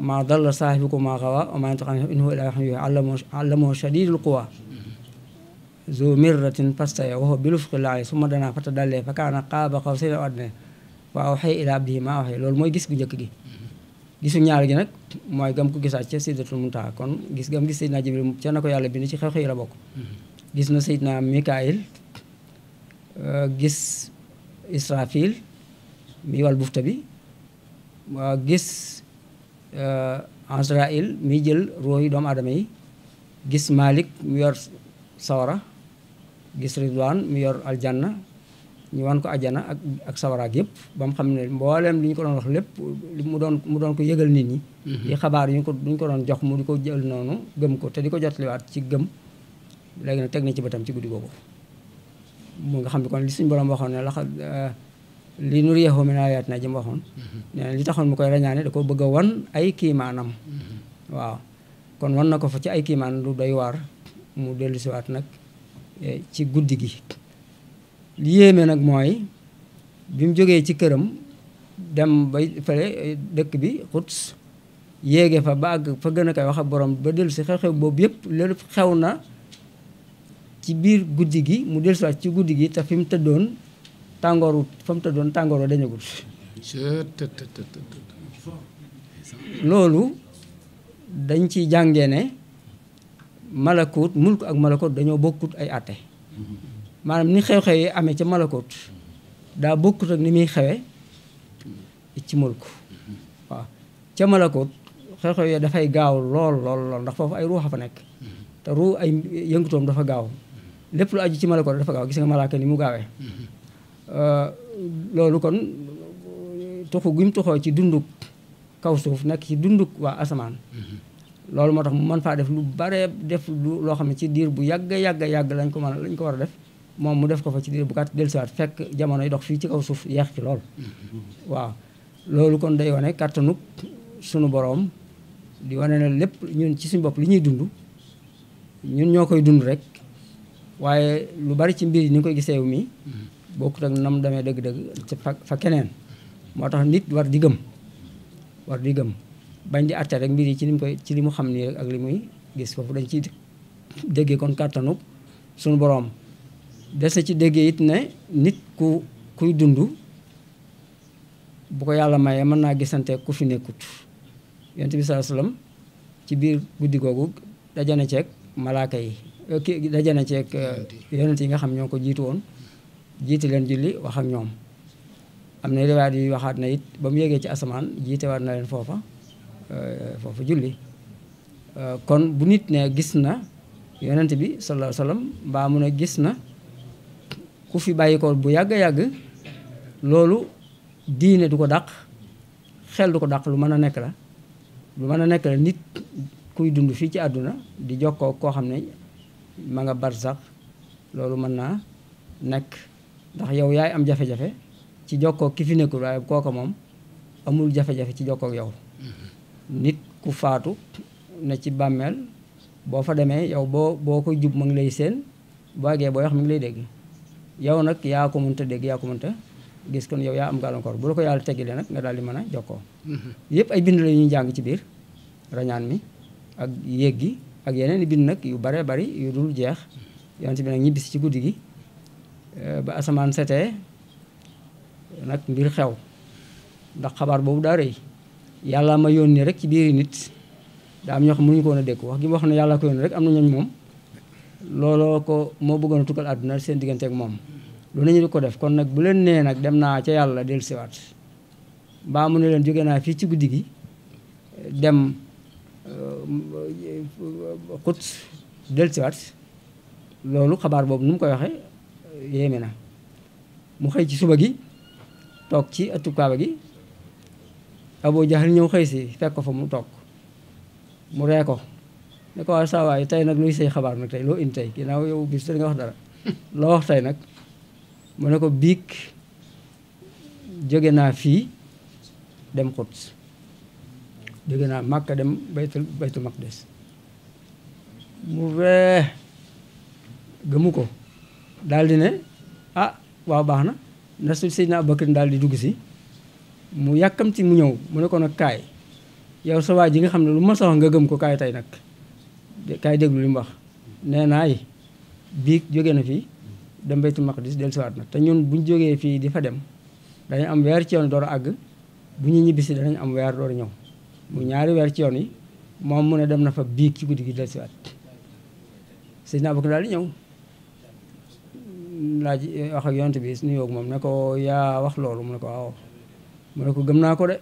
A: ma dalla saahibukum ma gawa wa ma yantiqu anil hawa in huwa illa wahyun yuha allamahu shadidul quwa zu mirratin fastawaa wa huwa bil ufqil a'la summa danaa fatadallaa fa kaana qaaba qawsayni aw adnaa fa awhaa ilaa abdihi maa awhaa loolu mooy gis gu njëkk gi gisu ñaar gi nag mooy gam ko gisaat ca Sidratul Muntaha kon gis gam gis Seydina Jibril ca na ko yàlla bind ci xew-xew yi la bokk mm-hmm. gis na Seydina Mikaayil euh, gis Israfil mi wal bi gis euh, Azraïl mi jël roo yi doomu aadama yi gis Malik mu yor sawara gis Ridwan mu yor aljanna ñu wan ko ajana ak ak sawaraak yëpp ba mu xam ne mbooleem li ñu ko doon wax lépp mu doon mu doon ko yëgal nit ñi mhm. di xabaar yu ñu ko duñ ko doon jox mu di ko jël noonu gëm ko te di ko jotliwaat ci gëm léegi nag ci bëtam ci guddi googu mu nga xam ne kon li suñu borom waxoon ne la eh, li nuriyahu min ayatina ji mu waxoon mhm. nee na li mu koy rañaane da ko bëgg wan ay kiimaanam mhm. waaw kon wan na ko fa ci ay kiimaan lu doy waar mu dellusiwaat nag eh, ci guddi gi li yéeme nag mooy bi mu jógee ci këram dem ba fële eh, dëkk bi Quds yéege fa ba àgg fa gën a koy wax ak borom ba dellu si xew-xew boobu yëpp lépp xew na ci biir guddi gi mu dellu si ci guddi gi te fi mu tëddoon tàngooru fa mu tëddoon tàngooroo dañagut loolu dañ ci jàngee ne malakut mulk ak malakut dañoo bokkut ay àtte maanaam ni xew-xew yi amee ca malakoot daa bokkut ak ni muy xewe ci mulk waaw ca malakoot xew-xew yi dafay gaaw lool lool lool ndax foofu ay ruuxa fa nekk te ruu ay yëngutoom dafa gaaw lépp lu aju ci malakoot dafa gaaw gis nga malaaka ni mu gaawee euh, loolu kon tuxu gi mu tuxoo ci dunduk kaw suuf nekk ci dunduk waa asamaan loolu moo tax mu mën faa def lu bare def loo xam ne ci diir bu yàgg yàgg yàgg lañ ko mën lañ ko war a def moom mu def ko fa ci diir bu gàtt dellusiwaat fekk jamono yi dox fii ci kaw suuf yeex ci lool waaw loolu kon day wane kàttanug sunu boroom di wane ne lépp ñun ci suñ bopp li ñuy dund ñun ñoo koy dund rek waaye lu bari ci mbir yi ni koy gisee wu mi bokkut ak nam demee dëgg-dëgg fa fa keneen moo tax nit war di gëm war di gëm bañ di àtte rek mbir yi ci li mu koy ci li mu xam nii rek ak li muy gis foofu dañ ciy déggee kon kàttanug sunu boroom des ci déggee it ne nit ku kuy dund bu ko yàlla mayee mën naa gisante ku fi nekkut yonent bi sallallahu alayhi ci biir guddi googu dajana ceeg malaaka yi euh, ki dajana ceeg euh, yonent yi nga xam ñoo ko jiitu woon jiite leen julli wax ak ñoom am na riwaayat yi waxaat na it ba mu yegee ci asamaan jiitewaat na leen foofa euh, foofa julli kon bu nit ne gis na yonent bi sallallahu alayhi mbaa mun a gis na ku fi bàyyi ko bu yàgg yàgg loolu diine du ko dàq xel du ko dàq lu mën a nekk la lu mën a nekk la nit kuy dund fii ci àdduna di jokkoo koo xam ne ma nga barsax loolu mën naa nekk ndax yow yaay am jafe-jafe ci jokkoo ki fi nekkul waaye kooka moom amul jafe-jafe ci jokkook yow mm-hmm. nit ku faatu ne ci bàmmeel boo fa demee yow boo boo koy jub mu ngi lay seen boo àggee booy wax mi ngi lay dégg yow nag yaa ko mënta dégg yaa ko mënta gis kon yow yaa am gàllankoor bu la ko yàlla teggilee nag nga daal di man a jokkoo mm-hmm. yëpp ay bind la jàng ci biir rañaan mi ak yéeg gi ak yeneen i bind nag yu bare bari yu dul jeex yonent bi nag ñibbisi ci guddi gi eh, ba asamaan setee nag mbir xew ndax xabaar boobu daa rëy yàlla ma yónni rek ci biir nit daa am ñoo xam mënuñu ko woon a wax gi ma wax ne yàlla ko yónni rek am na ñooñ moom looloo ko moo bëggoon a tukkal àdduna seen diggante ak moom lu nañu di ko def kon nag bu leen nee nag dem naa ca yàlla del siwaat baa mu ne leen jóge naa fii ci guddi gi dem xut euh, del siwaat loolu xabaar boobu nu mu koy waxee yéeme na mu xëy ci suba gi toog ci ëttu kaaba gi Abu Jahal ñëw xëy si fekk ko fa mu toog mu ree ko ne ko waa ah, saa waay tey nag nuy say xabaar nag tey loo indi tey ginnaaw yow bis nga wax dara loo wax tey nag mu ne ko biig jóge naa fii dem Quds jóge naa Makka dem baytu baytul des mu wee gëmu ko daldi ne ah waaw baax na na su Seydina Abubakar daal di dugg si mu yàkkamti mu ñëw mu ne ko nag kaay yow sa waa ji nga xam ne lu ma soxla nga gëm ko kaay tey nag kaay déglu li mu wax nee naay biig jóge na fi dem baytul maqdis dellusiwaat na te ñun buñ jógee fii di fa dem dañuy am weer ci yoon door a àgg bu ñu ñibbisi danañ am weer door ñëw mu ñaari weer ci yoon yi moom mu ne dem na fa biig ci guddi gi dellusiwaat Seydina Abubakar daal di ñëw laaj wax ak yonent bi nuyoo ak moom ne ko yaa wax loolu mu ne ko waaw mu ne ko gëm naa ko de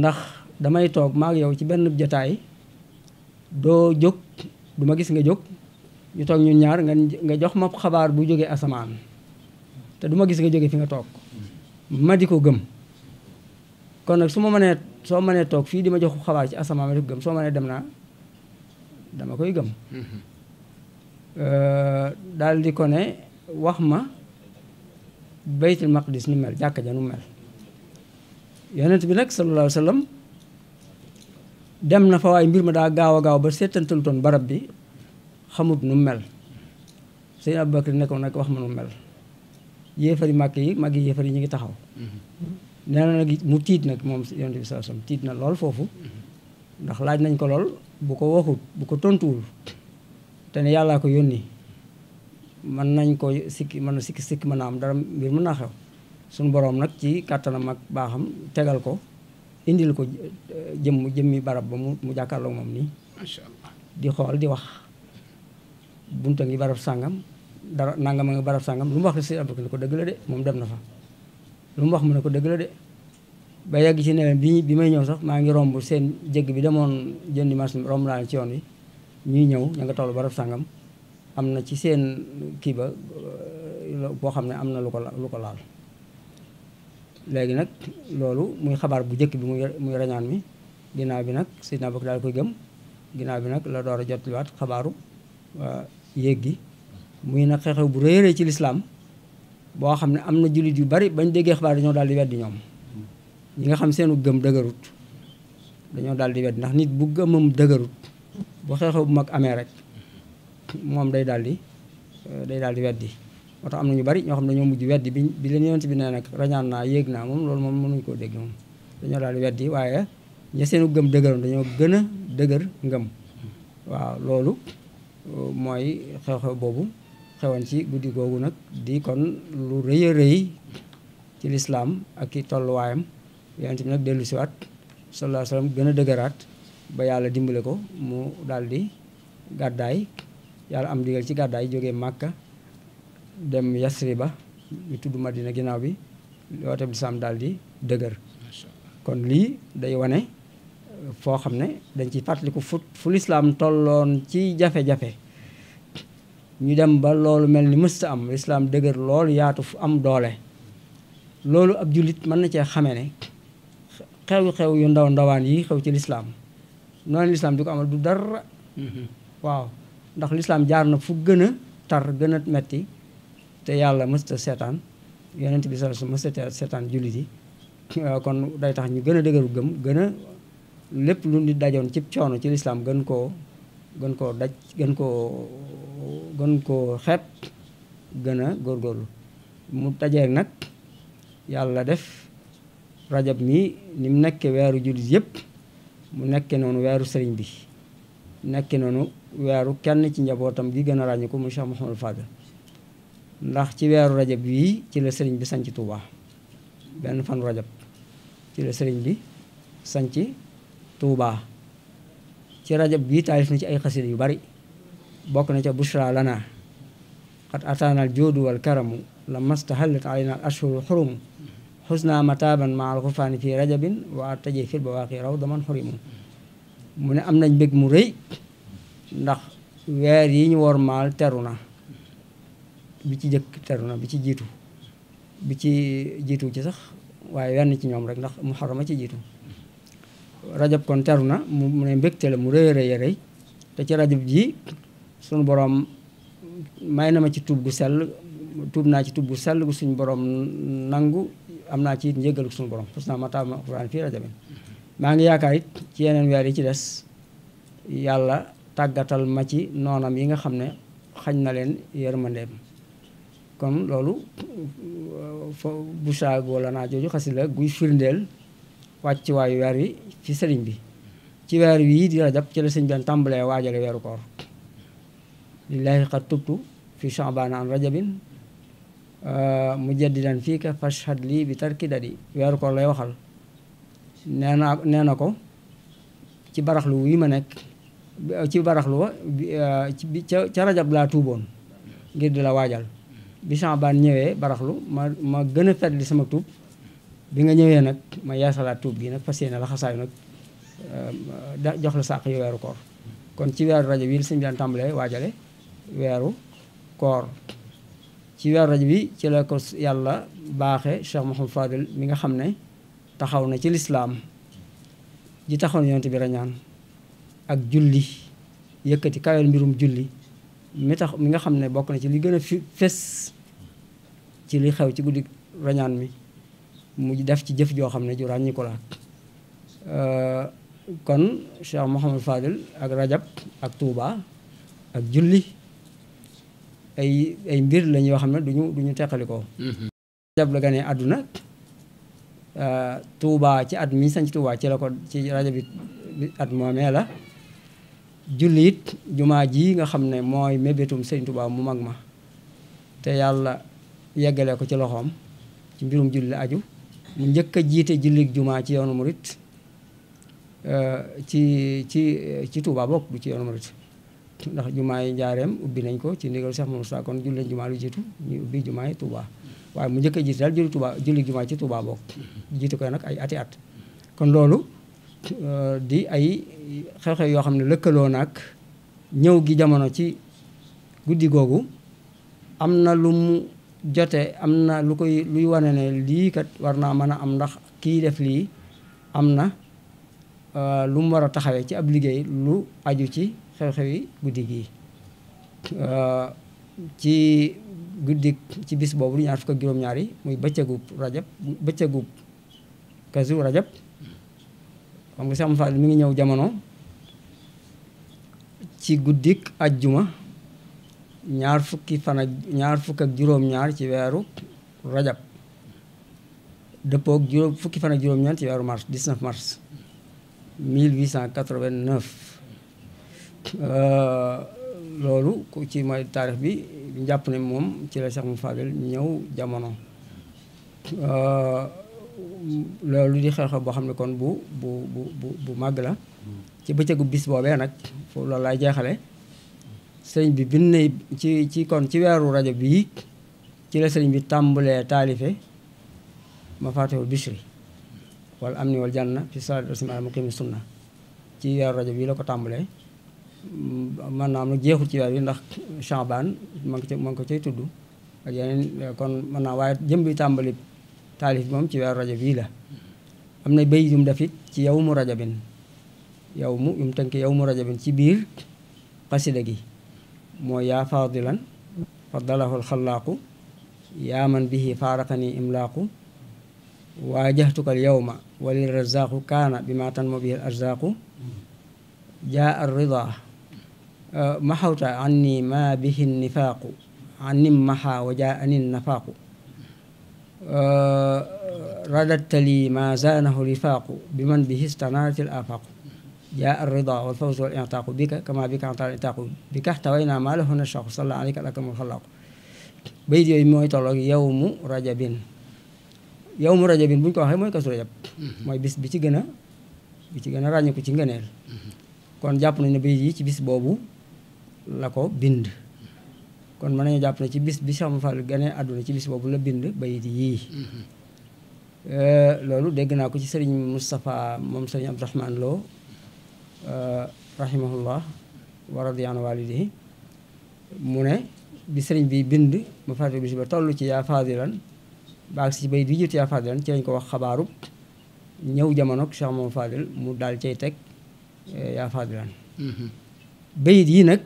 A: ndax damay toog maag yow ci benn jataay doo jóg du ma gis nga jóg ñu toog ñu ñaar nga jox ma xabaar bu jógee asamaan te du ma gis nga jóge fi nga toog ma di ko gëm kon nag su ma mënee soo mënee toog fii di ma jox xabaar ci asamaan ma di ko gëm soo mënee dem naa dama koy gëm mm-hmm. euh, daal di ko ne wax ma baytul maqdis nu mel jàkka ja nu mel yonent bi nag sallallahu alayhi wa sallam dem na fa waaye mbir ma daa gaaw a gaaw ba seetantal ton barab bi xamut nu mel sëñ Abubakar nekkoon nag wax ma nu mel yéefari màkk yi mag yi yéefar yi ñu ngi taxaw mm-hmm. nee na nag mu tiit nag moom yonent bi saa tiit na lool foofu mm-hmm. ndax laaj nañ ko lool bu ko waxut bu ko tontuwul te ne yàllaa ko yónni mën nañ ko sikki mën na sikki sikki mën naa am dara mbir mën naa xew suñu boroom nag ci kàttanam mag baaxam tegal ko indil ko eh, jëmm jëmmi barab ba mu mu jàkkaarloo moom nii. macha di xool di wax bunta ngi barab sàngam dara a ngi barab sàngam lu mu wax la si Abdou ne ko dëgg la de moom dem na fa. lu mu wax mu ne ko dëgg la de ba yàgg ci ne bi bi may ñëw sax maa ngi romb seen jégg bi demoon jëndi machine romb naa ci yoon wi ñuy ñëw ña nga toll barab sàngam am na ci seen kii ba boo eh, xam ne am na lu ko lu ko laal. léegi nag loolu muy xabaar bu njëkk bi muy muy rañaan mi ginnaaw bi nag Seydina Abubakar daal koy gëm ginnaaw bi nag la door a jotliwaat xabaaru waa yéeg gi muy nag xew-xew bu rëy rëy ci lislaam boo xam ne am na jullit yu bari bañ déggee xabaar dañoo daal di weddi ñoom ñi nga xam seenu gëm dëgërut dañoo daal di weddi ndax nit bu gëmam dëgërut bu xew-xew bu mag amee rek moom day daal di day daal di weddi moo am na ñu bari ñoo xam ne dañoo mujj weddi bi bi leen yonent bi ne nag rañaan naa yéeg naa moom loolu moom mënuñu koo dégg moom dañoo daal weddi waaye ña seenu gëm dëgëroon dañoo gën a dëgër ngëm waaw loolu uh, mooy xew-xew boobu xewoon ci guddi googu nag di kon lu rëy rëy ci lislaam ak i tolluwaayam yonent bi nag dellu siwaat sallallahu alayhi wa gën a dëgëraat ba yàlla dimbale ko mu daldi gàddaay yàlla am digal ci gàddaay jóge màkka dem Yasriba ñu tudd Madina ginnaaw bi loote lislaam daal di dëgër kon lii day wane foo xam ne dañ ci fàttaliku fu fu lislaam tolloon ci jafe-jafe ñu dem ba loolu mel ni mësta am lislaam dëgër loolu yaatu fu am doole loolu ab jullit mën na cee xame ne xew-xew yu ndaw ndawaan yi xew ci lislaam noonu lislaam di ko amal du dara mhm. waaw ndax lislaam jaar na fu gën a tar gën a metti te yàlla mësta seetaan yonent bi sa mësta seetaan jullit yi kon day tax ñu gën a dëgëru gëm gën a lépp lu nit dajoon ci coono ci lislaam gën koo gën koo daj gën koo gën koo xeeb gën a góorlu mu dajeeg nag yàlla def rajab mi ni mu nekke weeru jullit yëpp mu nekkee noonu weeru sëriñ bi nekkee noonu weeru kenn ci njabootam gi gën a ràññiku mu Cheikh Mouhamadou ndax ci weeru rajab wii ci la sëriñ bi sanc Touba benn fanu rajab ci la sëriñ bi sanc Touba ci rajab bii taalif na ci ay xasida yu bari bokk na ca bushra lana xat ataanaal joodu wal karamu la mastahallat alayna al ashhurul xurumu xusna mataaban ma al xufaani fii rajabin wa tajee fil bawaaqi raw daman xurimu mu ne am nañ mbég mu rëy ndax weer yi ñu wormaal teru na bi ci jëkk teru na bi ci jiitu bi ci jiitu ci sax waaye wenn ci ñoom rek ndax ma ci jiitu rajab kon teru na mu ne mbégte la mu rëy rëy rëy te ci rajab jii suñu boroom may na ma ci tuub gu sell tuub naa ci tub gu sell gu suñu borom nangu am naa ci it njëggal gu suñu borom parce ma taama alxuraan fii rajabin maa ngi yaakaar it ci yeneen weer yi ci des yàlla tàggatal ma ci noonam yi nga xam ne xañ na leen yërmandeem kon loolu fo bu saagoo la naa jooju xasila la guy firndeel waayu weer wi ci sëriñ bi ci weer wi di rajab ci la sëñ bi tàmbalee waajale weeru koor lillaahi xat tubtu fi chambaana an rajabin euh, mu jaddidan fii ka fashhad lii bi tarki dadi weeru koor lay waxal nee naa nee na ko ci baraxlu wi ma nekk ci baraxlu wa euh, ca ca rajab laa tuuboon ngir di la waajal bi Sàmbaan ñëwee baraxlu ma ma gën a fetli sama tuub bi nga ñëwee nag ma yeesalaat tuub gi nag fas yéene laxasaayu nag euh, da jox la sàq yu weeru koor kon ci weeru rajo bi li sëñ bi daan tàmbalee waajale weeru koor ci weeru rajo bi ci la ko yàlla baaxe Cheikh Mouhamed Fadil mi nga xam ne taxaw na ci lislaam ji taxaw na yonent bi rañaan ak julli yëkkati kawel mbirum julli mi tax mi nga xam ne bokk na ci li gën a fi fés ci li xew ci guddi rañaan mi mu def ci jëf joo xam ne ju ràññi ko laat euh, kon Cheikh Mouhamadou Fadil ak Rajab ak tuuba ak julli ay ay mbir lañ yoo xam ne duñu duñu teqalikoo mm-hmm. Rajab la gane àdduna euh, Touba ci at mi sañ Touba ci la ko ci Rajab bi at moomee la jullit jumaa ji nga xam ne mooy mébétum sëñ Tuubaa mu mag ma te yàlla yeggale ko ci loxoom ci mbirum julli aju mu njëkk a jiite jullit jumaa ci yoonu murit euh, ci ci ci Tuubaa bokk du ci yoonu murit ndax jumaa yi njaareem ubbi nañ ko ci ndigal Cheikh Moussa kon julli jumaa lu jiitu ñu ubbi jumaa yi Tuubaa waaye mu njëkk jiite daal julli Tuubaa julli jumaa ci Tuubaa bokk jiite ko nag ay ati at kon loolu di ay xew-xew yoo xam ne lëkkaloo nag ñëw gi jamono ci guddi googu am na lu mu jote am na lu koy luy wane ne lii kat war naa mën a am ndax kii def lii am na euh, lu mu war a taxawee ci ab liggéey lu aju ci xew-xewi guddi gii euh, ci guddi ci bis boobu ñaar fukk ak juróom-ñaar muy bëccëgub rajab bëccëgub kazu rajab xam nga Cheikh mu Fadel mi ngi ñëw jamono ci guddik ajjuma ñaar fukki fan ak ñaar fukk ak juróom-ñaar ci weeru rajab dëppoog juróom fukki fan ak juróom-ñaar ci weeru mars 19 mars 1889 euh, loolu ku ci mooy taarix bi njàpp ne moom ci la Cheikh Amadou Fadel ñëw jamono euh, loolu di xew-xew boo xam ne kon bu bu bu bu bu màgg la ci bëccëgu bis boobee nag foofu loolu laay jeexale sëriñ bi bind na ci kon ci weeru rajo bii ci la sëriñ bi tàmbalee taalife ma faatewul bishri wala wal janna fi salaat ci weeru rajo bii la ko tàmbalee mën naa am jeexul ci weer bi ndax Chaban ma ngi ko ma ko cay tudd ak yeneen kon man naa waaye jëm bi tàmbali taalif moom ci weeru rajab bii na yum dafit ci yow mu rajabin yow tënk yow mu rajabin ci biir xasida gi moo yaa fadilan faddalahu alxalaaqu yaa man bihi faaraqani imlaaqu waajahtukal yowma walil razaqu kaana bi ma tanmu bihi al jaa arrida maxawta anni ma bihi nifaaqu annim maxa wa jaa radattali ma zaanahu lifaaqu bi man bi bihi stanaati l afaaqu jaa arrida walfawzu wal intaaqu bika kama bika anta intaaqu bika xtawaynaa maa lahu nashaaqu salla alayka alakamul xalaaqu bayit yooyu mooy tolloog yawmu rajabin yawmu rajabin bu ñu ko waxee mooy kasu rajab mooy bis bi ci gën a bi ci gën a ràññeeku ci ngëneel kon jàpp nañu ne bayit yi ci bis boobu la bind kon man nañu jàpp ne ci bis bi Cheikh Mouhamadou Fadel gane àdduna ci bis boobu la bind bayit yii euh, loolu dégg naa ko ci sëriñ Moustapha moom sëriñ Abdourahmane Lo euh, rahimahullah wa radiya an walidihi mu ne bi sëriñ bi bind ma bi si ba tollu ci yaa fadilan baag si bay di jiitu yaa fadilan ci lañ ko wax xabaaru ñëw jamono Cheikh Mouhamadou Fadel mu daal cay teg euh, yaa fadilan mm-hmm. bayit yi nag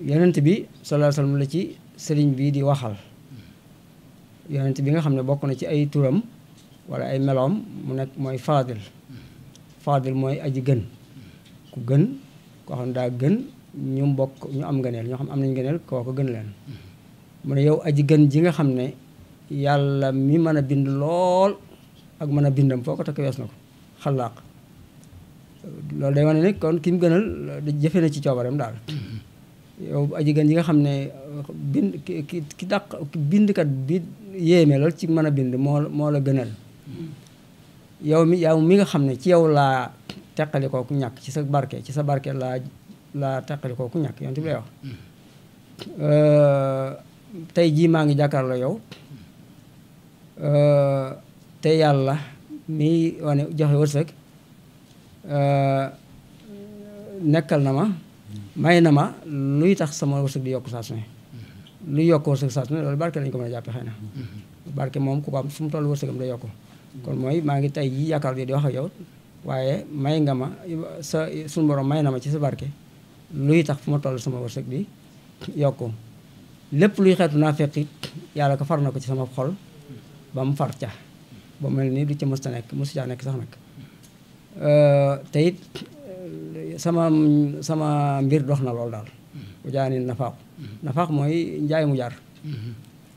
A: yeneent bi sallallahu la ci sëriñ bii di waxal yonent bi nga xam ne bokk na ci ay turam wala ay meloom mu nekk mooy faadil faadil mooy aji gën ku gën koo xam ne daa gën ñu mbokk ñu am ngëneel ñoo xam am nañ ngëneel kooku gën leen mu ne yow aji gën ji nga xam ne yàlla mi mën a bind lool ak mën a bindam foo ko takk wees na ko xalaaq loolu day wane ne kon ki mu gënal jëfe na ci coobareem daal yow aji gan yi nga xam ne bind ki ki dàq bindkat bi yéeme lool ci mën a bind moo moo la gënal yow mi yow mi nga xam ne ci yow laa teqali kooku ñàkk ci sa barke ci sa barke laa laa teqali kooku ñàkk yonent bi lay wax euh, tey jii maa ngi jàkkaarloo yow euh, te yàlla mi wane joxe wërsëg euh, nekkal na ma may na ma luy tax sama wërsëg di yokk saa su ne luy yokk wërsëg saa su ne loolu barke lañ ko mën a jàppe xëy na barke moom ku ko am fu mu toll wërsëgam day yokk kon mooy maa ngi tey yi yaakaar bi di wax ak yow waaye may nga ma sa suñu may na ma ci sa barke luy tax fu ma toll sama wërsëg di yokku lépp luy xeetu naa fekk yàlla ko far na ko ci sama xol ba mu far ca ba mel ni du ci mës ta nekk mësu caa nekk sax nag te sama sama mbir dox na lool daal bu jaani nafaaq mooy njaay mu jaar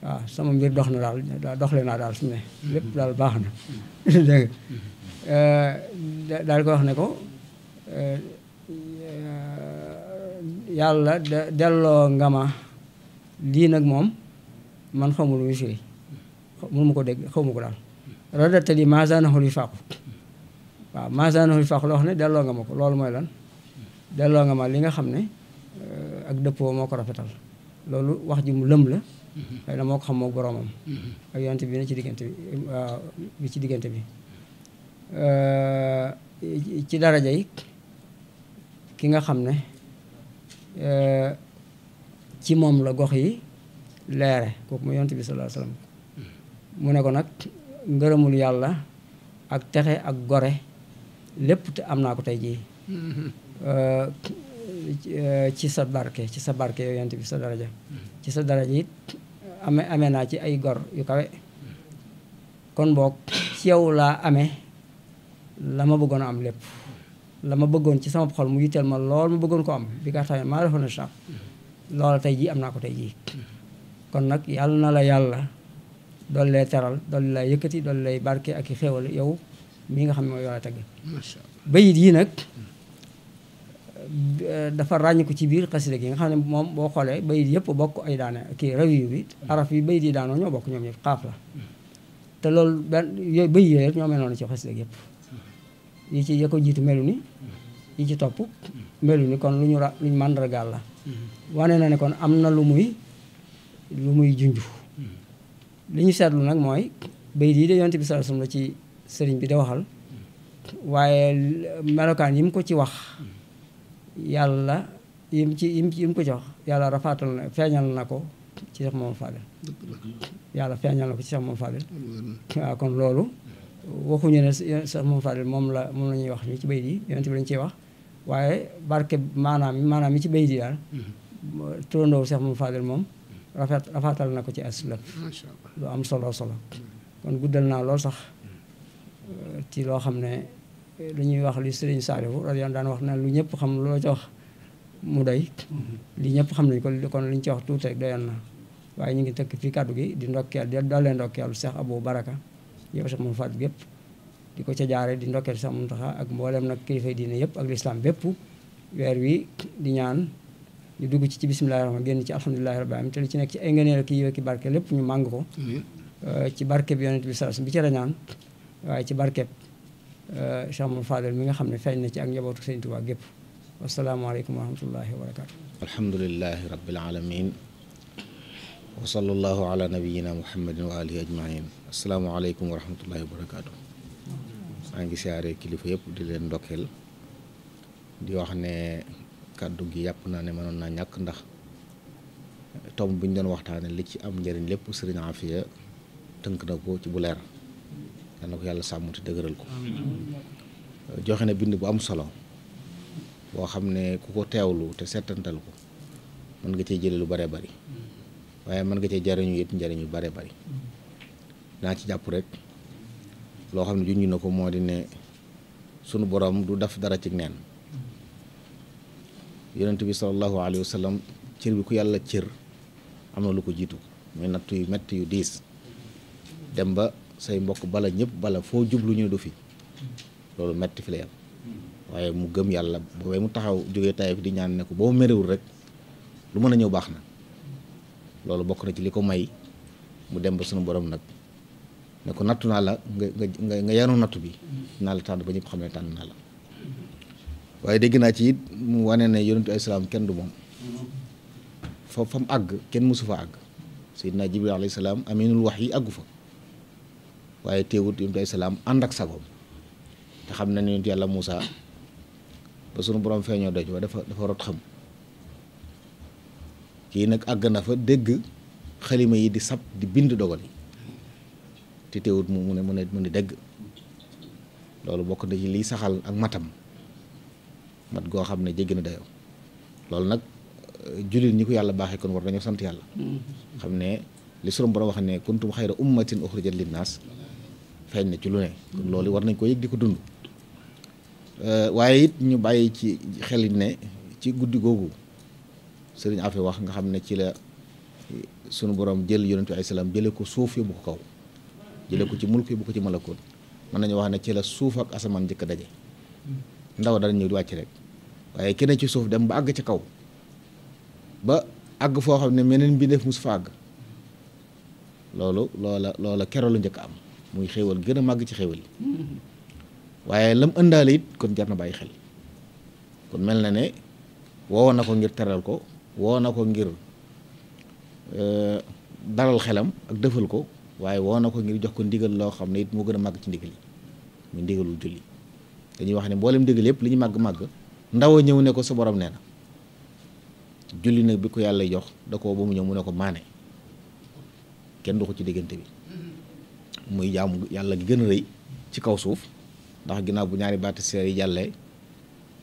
A: waaw sama mbir dox na daal doxle naa daal su ne lépp daal baax na eh, daal ko wax ne ko eh, yàlla delloo nga ma lii nag moom man xamul muy firi mënu ma ko dégg xaw ma ko daal radatali maasanaxul yi fàqu waaw maanaam faax loo xam ne delloo nga ma ko loolu mooy lan delloo nga ma li nga xam ne euh, ak dëppoo moo ko rafetal loolu wax ji mu lëm la mhm. xëy na moo ko xam mhm. ne ci diggante bi ci diggante bi euh, ci daraja yi ki nga xam ne euh, ci moom la gox yi leere kooku mu bi sallallahu alayhi mhm. mu ne ko nag ngërëmul yàlla ak texe ak gore lépp te am naa ko tey jii mm-hmm. euh, euh, ci sa barke ci sa barke yow yant bi sa daraja mm-hmm. ci sa daraja it ame ame naa ci ay gor yu kawe kon boog ci yow laa ame la ma bëggoon a am lépp la ma bëggoon ci sama xol mu yitteel ma lool ma bëggoon ko am bi nga xam ne maa defoon na mm-hmm. loola tey jii am naa ko tey jii kon nag yàlla na la yàlla dool lay teral dool lay yëkkati dool lay barke ak i xéewal yow mii nga xam ne mooy yore tagg bayit yi nag eh, dafa ràññiku ci biir xasida gi nga xam ne moom boo xoolee bayit yëpp bokk ay daane kii rawiyu bi araf yi bayit yi daanoo ñoo bokk ñoom ñëpp xaaf la te loolu benn yooyu ñoo mel noonu ci yëpp yi ci ya ko jiitu melu ni yi ci topp melu ni kon lu ñu ra lu ñu màndargaal la wane na ne kon am na lu muy lu muy junj hmm. li ñu seetlu nag mooy bayit yi de yonte bi sallallahu alayhi ci sëriñ bi de waxal waaye melokaan yi mu ko ci wax yàlla yi mu ci yi mu ko ci wax yàlla rafaatal na feeñal na ko ci Cheikh Mamadou Fadel yàlla feeñal na ko ci Cheikh Mamadou kon loolu waxuñu ne Cheikh Mamadou Fadel moom la moom la ñuy wax ñu ci bay di yonent bi wax waaye barke maanaam maanaam mi ci bay di daal turandoo Cheikh Mamadou Fadel moom rafet rafaatal na ko ci as lu am solo solo kon guddal naa lool sax ci loo xam ne lu ñuy wax li Serigne Saliou radiyallahu daan wax na lu ñëpp xam loo ci wax mu doy li ñëpp xam nañ ko kon liñ ci wax tuuti rek doyoon na waaye ñu ngi tëkk fii kàddu gi di ndokkeel di doolee ndokkeelu Cheikh Abou Baraka yow sax moom faat gépp di ko ca jaare di ndokkeel Cheikh Mountakha ak mboolem nag kilifa diine yëpp ak lislaam bépp weer wi di ñaan ñu dugg ci ci bismillahi rahmaan génn ci alhamdulilahi rabbil alamin te li ci nekk ci ay ngëneel ki yiw ki barke lépp ñu màng ko euh, ci barke bi yonent bi saras bi ci rañaan waaye ci barket eh, Cheikh Mouhamadou mi nga xam ne feeñ na ci ak njabootu Sëriñ Tuubaa gépp wasalaamaaleykum wa rahmatullahi wa barakaatu
B: alhamdulilahi rabbil alamin wa sallallahu ala nabiyina muhammadin wa barakaatu maa ngi siyaare kilifa yëpp di leen ndokkeel di wax ne kàddu gi yàpp naa ne mënoon naa ñàkk ndax tomb bi ñu doon waxtaane li ci am njëriñ lépp sëriñ Afia tënk na ko ci bu leer dana ko yàlla sàmm te dëgëral ko joxe na bind bu am solo boo xam ne ku ko teewlu te settantal ko mën nga cee jële lu bare bari waaye mën nga cee jariñu it njariñu bare bari naa ci jàpp rek loo xam ne junj na ko moo di ne sunu borom du daf dara ci neen yonent bi sallallahu alayhi wa cër bi ku yàlla cër am na lu ko jiitu muy natt yu metti yu diis dem ba say mbokk bala ñëpp bala foo jublu ñu du fi loolu metti fi la yam waaye mu gëm yàlla boobee mu taxaw jóge jógee Taïf di ñaan ne ko boo merewul rek lu mën a ñëw baax na loolu bokk na ci li ko may mu dem ba sunu boroom nag ne ko nattu naa la nga nga nga yanu nattu bi naa la tànn ba ñëpp xam ne tànn naa la waaye dégg naa ci it mu wane ne yonentu islaam kenn du moom fa fa àgg kenn mësu fa àgg sayyidina jibril alayhi salaam aminul yi waaye teewut yonent bi salaam ànd ak sagoom te xam na ni yonent yàlla Moussa ba sunu borom feeñoo doj wa dafa dafa rot xam kii nag àgg na fa dégg xalima yi di sab di bind dogal yi te teewut mu mu ne mu ne mu ne loolu bokk na ci liy saxal ak matam mat goo xam ne jéggi na dayoo loolu nag euh, jullit ñi ko yàlla baaxee kon war nañoo sant yàlla mm-hmm. xam ne li sunu borom wax ne kuntum xayra ummatin uxrijat linnaas feeñ na ci lu ne kon loolu war nañ ko yëg di ko dund euh, waaye it ñu bàyyi ci xel ne ci guddi googu sëriñ Afe wax nga xam ne ci la sunu borom jël yonent bi ay salaam jëlee ko suuf bu ko kaw jëlee ko ci mulk yóbbu ko ci malakoon mën nañu wax ne ci la suuf ak asamaan njëkk daje ndaw dara ñëw di wàcc rek waaye kenn ci suuf dem ba àgg ci kaw ba àgg foo xam ne meneen mbindeef mus fa àgg loolu loola loola keroo la njëkk am muy xéewal gën a màgg ci xéewal yi waaye lam ëndaale it kon jar na bàyyi xel kon mel na ne wowoon na ko ngir teral ko wowoon na ko ngir euh, daral xelam ak defal ko waaye woo na ko ngir jox ko ndigal loo xam ne it moo gën a màgg ci ndigal yi muy ndigalul julli dañuy wax ne mboolem ndigal yëpp li ñu màgg-màgg ndaw a ñëw ne ko sa borom nee na julli nag bi ko yàlla jox da koo ba mu ñëw mu ne ko maane kenn du ko ci diggante bi muy jàmm yàlla gi gën a rëy ci kaw suuf ndax ginnaaw bu ñaari baati seer yi jàllee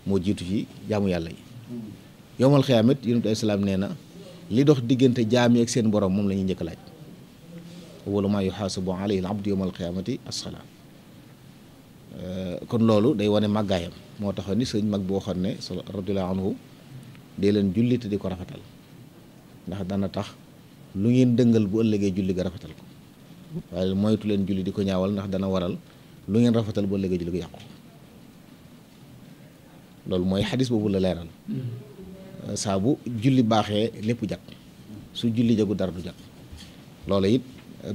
B: moo jiitu ci jaamu yàlla yi yowmal xiyaamat yonent bi islaam nee na li dox diggante jaam yi ak seen borom moom la ñuy njëkk laaj awwalu maa yuxaasabu alayhi al abdu yowmal xiyaamati as-salaa kon loolu day wane màggaayam moo tax ni sëñ mag boo xam ne radiyallaahu anhu dee leen julli te di ko rafetal ndax dana tax lu ngeen dëngal bu ëllëgee julli ga rafetal ko waaye moytu leen julli di ko ñaawal ndax dana waral lu ngeen rafetal boo léegi julli ko yàqu loolu mooy xadis boobu la leeral
C: mm-hmm.
B: saa julli baaxee lépp jag su julli jagu dara du jag loolu it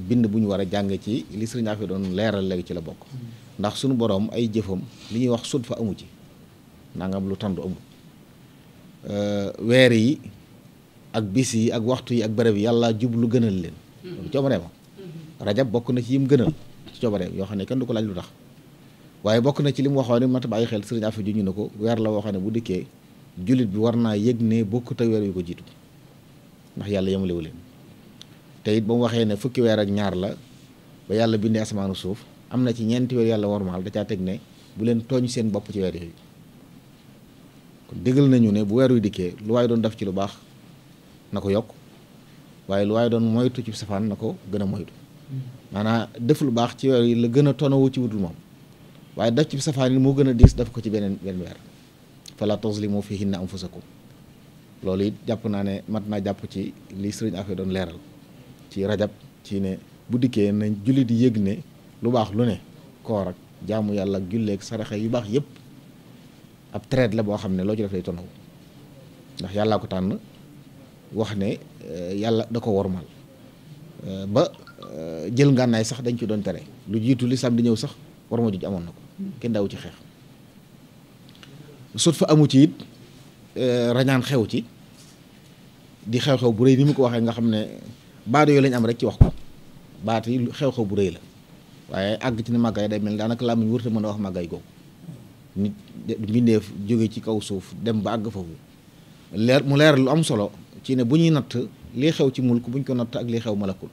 B: bind bu ñu war a jàng ci li sëriñ doon leeral léegi ci la bokk mm-hmm. ndax suñu boroom ay jëfam li ñuy wax sut fa amu ci nangam lu tandu amul euh, weer yi ak bis yi ak waxtu yi ak bërëb yi yàlla jublu gënal leen mm-hmm. loolu coobaree ma rajab bokk na ci yim gënal ci coobareem yoo xam ne kenn du ko laaj lu tax waaye bokk na ci li mu waxoon ne mat bàyyi xel sëriñ Afe juñu na ko weer la woo ne bu dikkee jullit bi war naa yëg ne bokkut ak weer yu ko jiitu ndax yàlla yemalewu leen te it waxee ne fukki weer ak ñaar la ba yàlla bindee asmaanu suuf am na ci ñeenti weer yàlla wormaal da caa teg ne bu leen tooñ seen bopp ci weer yooyu kon nañu ne bu weer yu dikkee lu waaye doon def ci lu baax na ko yokk waaye lu waaye doon moytu ci safaan na ko gën a moytu maanaam def lu baax ci weer yi la gën a tonawu ci wutul moom waaye daf ci safaan yi moo gën a diis daf ko ci beneen benn weer fala tuzlimu fihinna anfusakum loolu it jàpp naa ne mat naa jàpp ci li sëriñ Afia doon leeral ci rajab ci ne bu dikkee nañ jullit di yëg ne lu baax lu ne koor ak yàlla ak julleeg saraxa yu baax yëpp ab traite la boo xam ne loo ci def lay tonaw ndax yàllaa ko tànn wax ne eh, yàlla da ko wormal eh, ba Euh, jël ngànnaay sax dañ ci doon tere lu jiitu li lislaam di ñëw sax war ma juj amoon na ko kenn daawu ci xeex sut amu ci it euh, rañaan xew ci di xew bu rëy ni mu ko waxee nga xam ne baado yooyu lañ am rek ci wax ko baat yi xew-xew bu rëy la waaye àgg ci ne màggaay day mel daanaka làmmiñ wërta mën a wax màggaay googu nit mbindeef jóge ci kaw suuf dem ba àgg foofu leer mu leer lu am solo ci ne bu ñuy natt lii xew ci mulk buñ ko natt ak lii xew malakul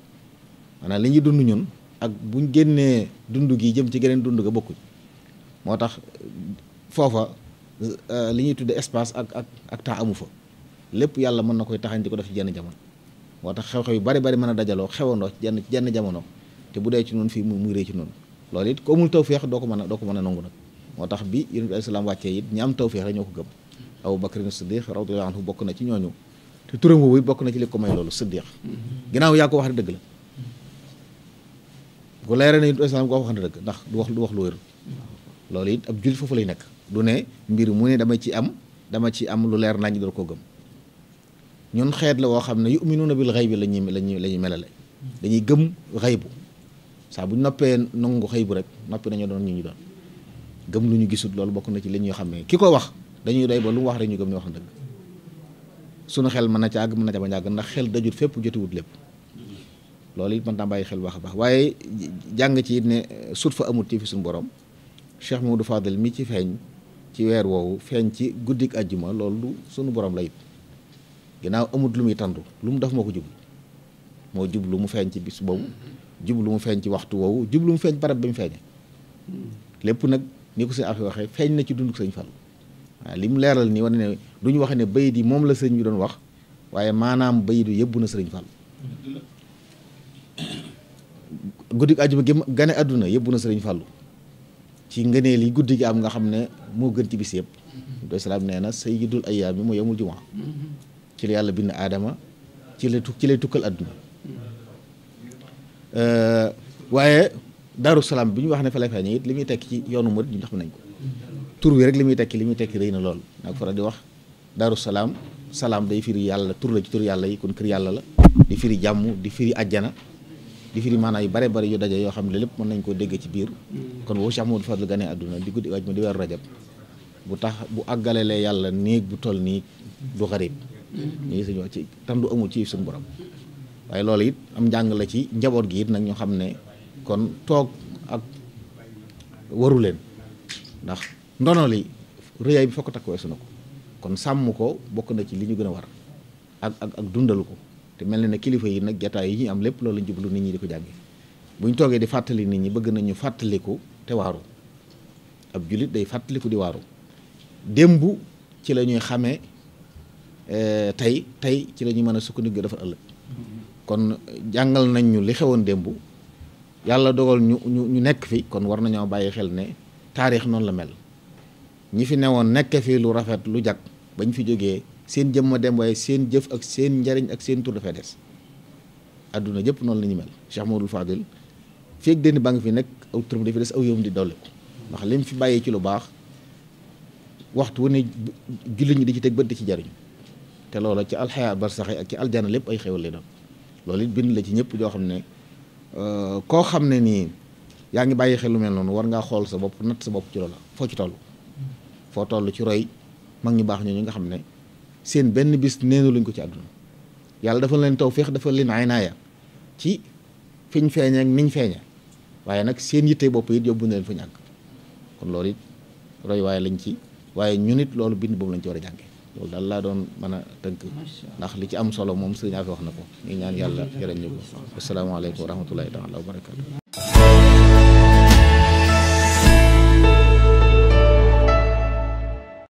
B: maanaam li ñuy dund ñun ak buñ génnee dund gi jëm ci geneen dund ga bokkuñ moo tax foofa euh, li ñuy tudde espace ak ak ak temps amu fa lépp yàlla mën na koy taxañ di ko def ci jenn jamono moo tax xew-xew yu bari bari mën a dajaloo xewandoo ci jenn jenn jamono te bu dee ci noonu fii mu muy rée ci noonu loolu it ku amul tawféex doo ko mën a doo ko mën a nangu nag moo tax bi yonent bi alayhi salaam wàccee it ñi am tawféex la ko gëm Abu Bakrin Siddiq radiyallahu anhu bokk na ci ñooñu te turam boobu bokk na ci li ko may loolu Siddiq mm-hmm. ginnaaw yaa ko wax dëgg bu leeree ne du islam ko wax na dëgg ndax du wax lu wax lu wér loolu it ab jullit foofu lay nekk du ne mbir mu ne dama ci am dama ci am lu leer nañ door koo gëm ñun xeet la woo xam ne yu'minuuna bil xaybi la ñuy la ñuy la ñuy melale dañuy gëm xaybu saa bu ñu noppee nangu xaybu rek noppi nañu doon ñu ñu gëm lu ñu gisut loolu bokk na ci li ñuy xam ne ki ko wax dañuy doy ba lu mu wax rek ñu gëm ne wax na dëgg sunu xel mën na ca àgg mën na ca bañ a ndax xel dajut fépp jotiwut lépp loolu it mën naa bàyyi xel baax baax waaye jàng ci ne euh, sut fa amut ci fi suñu borom Cheikh Mamadou Fadel mi ci feeñ ci weer woowu feeñ ci guddik àjjuma loolu sunu borom lay it ginnaaw amut lu muy tàndu lu mu def moo ko jublu moo jublu mu feeñ ci bis boobu jublu mu feeñ ci waxtu woowu jublu mu feeñ barab bi mu feeñee lépp nag ni ko sëñ Afi waxee feeñ na ci dund sëñ Fall waaw li mu leeral nii wane ne du ñu wax ne bayit yi moom la sëñ bi doon wax waaye maanaam bayit yi yëbbu na sëriñ guddi gi àjjuma gi gane àdduna yóbbu na sëriñ fàllu ci ngëneel yi guddi gi am nga xam ne moo gën ci bis yëpp do salaam nee na sayyidul ayyaam bi mu yemul juma ci la yàlla bind aadama ci la ci lay tukkal àdduna euh, waaye daaru salaam bi ñu wax ne fa lay feeñee it li muy tekki ci yoonu murid ñu nañ ko tur wi rek li muy tekki li muy tekki rey na lool naa ko faral di wax daaru salaam salaam day firi yàlla tur la ci tur yàlla yi kon kër yàlla la di firi jàmm di firi àjjana di firi maanaam yu bare bare yu daje yoo xam ne lépp mën nañ koo dégg ci biir kon woo Cheikh Mamadou Fadl gane àdduna di guddi waaj ma di weer rajab bu tax bu yàlla néeg bu toll nii du xarib ñii ci tam du amul ci suñu borom loolu it am njàng la ci njaboot gi it nag ñu xam ne kon toog ak waru leen ndax ndono li rëyaay bi fokk takk weesu na ko kon sàmm ko bokk na ci li ñu gën a war ak ak ak dundalu ko te mel na ne kilifa yi nag jataay yi ñu am lépp loolu jublu nit ñi di ko jànge ñu toogee di fàttali nit ñi bëgg nañu fàttaliku te waaru ab jullit day fàttaliku di waaru démb ci la ñuy xamee eh, tey tey ci lañuy mën a sukkandiku defar ëllëg kon jàngal nañ li xewoon démb yàlla dogal ñu ñu ñu nekk fi kon war nañoo bàyyi xel ne taarix noonu la mel ñi fi newoon nekk fi lu rafet lu jag bañ fi jógee seen jëmma dem waaye seen jëf ak seen njariñ ak seen tur dafay des adduna jëpp noonu la ñu mel Cheikh Modou Fadil feeg denn baa ngi fi nekk aw turam dafa des aw yowam di dolli ko ndax lim fi bàyyee ci lu baax waxtu wu ne jullit ñi di ci teg bët di ci jariñ te loola ci alxaya barsaxe ak ci aljana lépp ay xewal lay doon loolu it bind la ci ñëpp joo xam ne euh, koo xam ne nii yaa ngi bàyyi xel lu mel noonu war ngaa xool sa bopp natt sa bopp ci loola foo ci toll foo toll ci roy mag ñu baax ñooñu nga xam ne seen benn bis neenu luñ ko ci àdduna yàlla dafa leen taw féex dafa leen aynaaya ci fiñ feeñeek ak niñ feeñe waaye nag seen yitte bopp it yóbbu na leen fa ñàkk kon loolu it roy waaye lañ ci waaye ñun it loolu bind boobu lañ ci war a jànge loolu daal laa doon mën a tënk ndax li ci am solo moom sëriñ Afe wax na ko ñu ñaan yàlla jërëñ ñu ko asalaamaaleykum wa rahmatullahi taala wa barakatu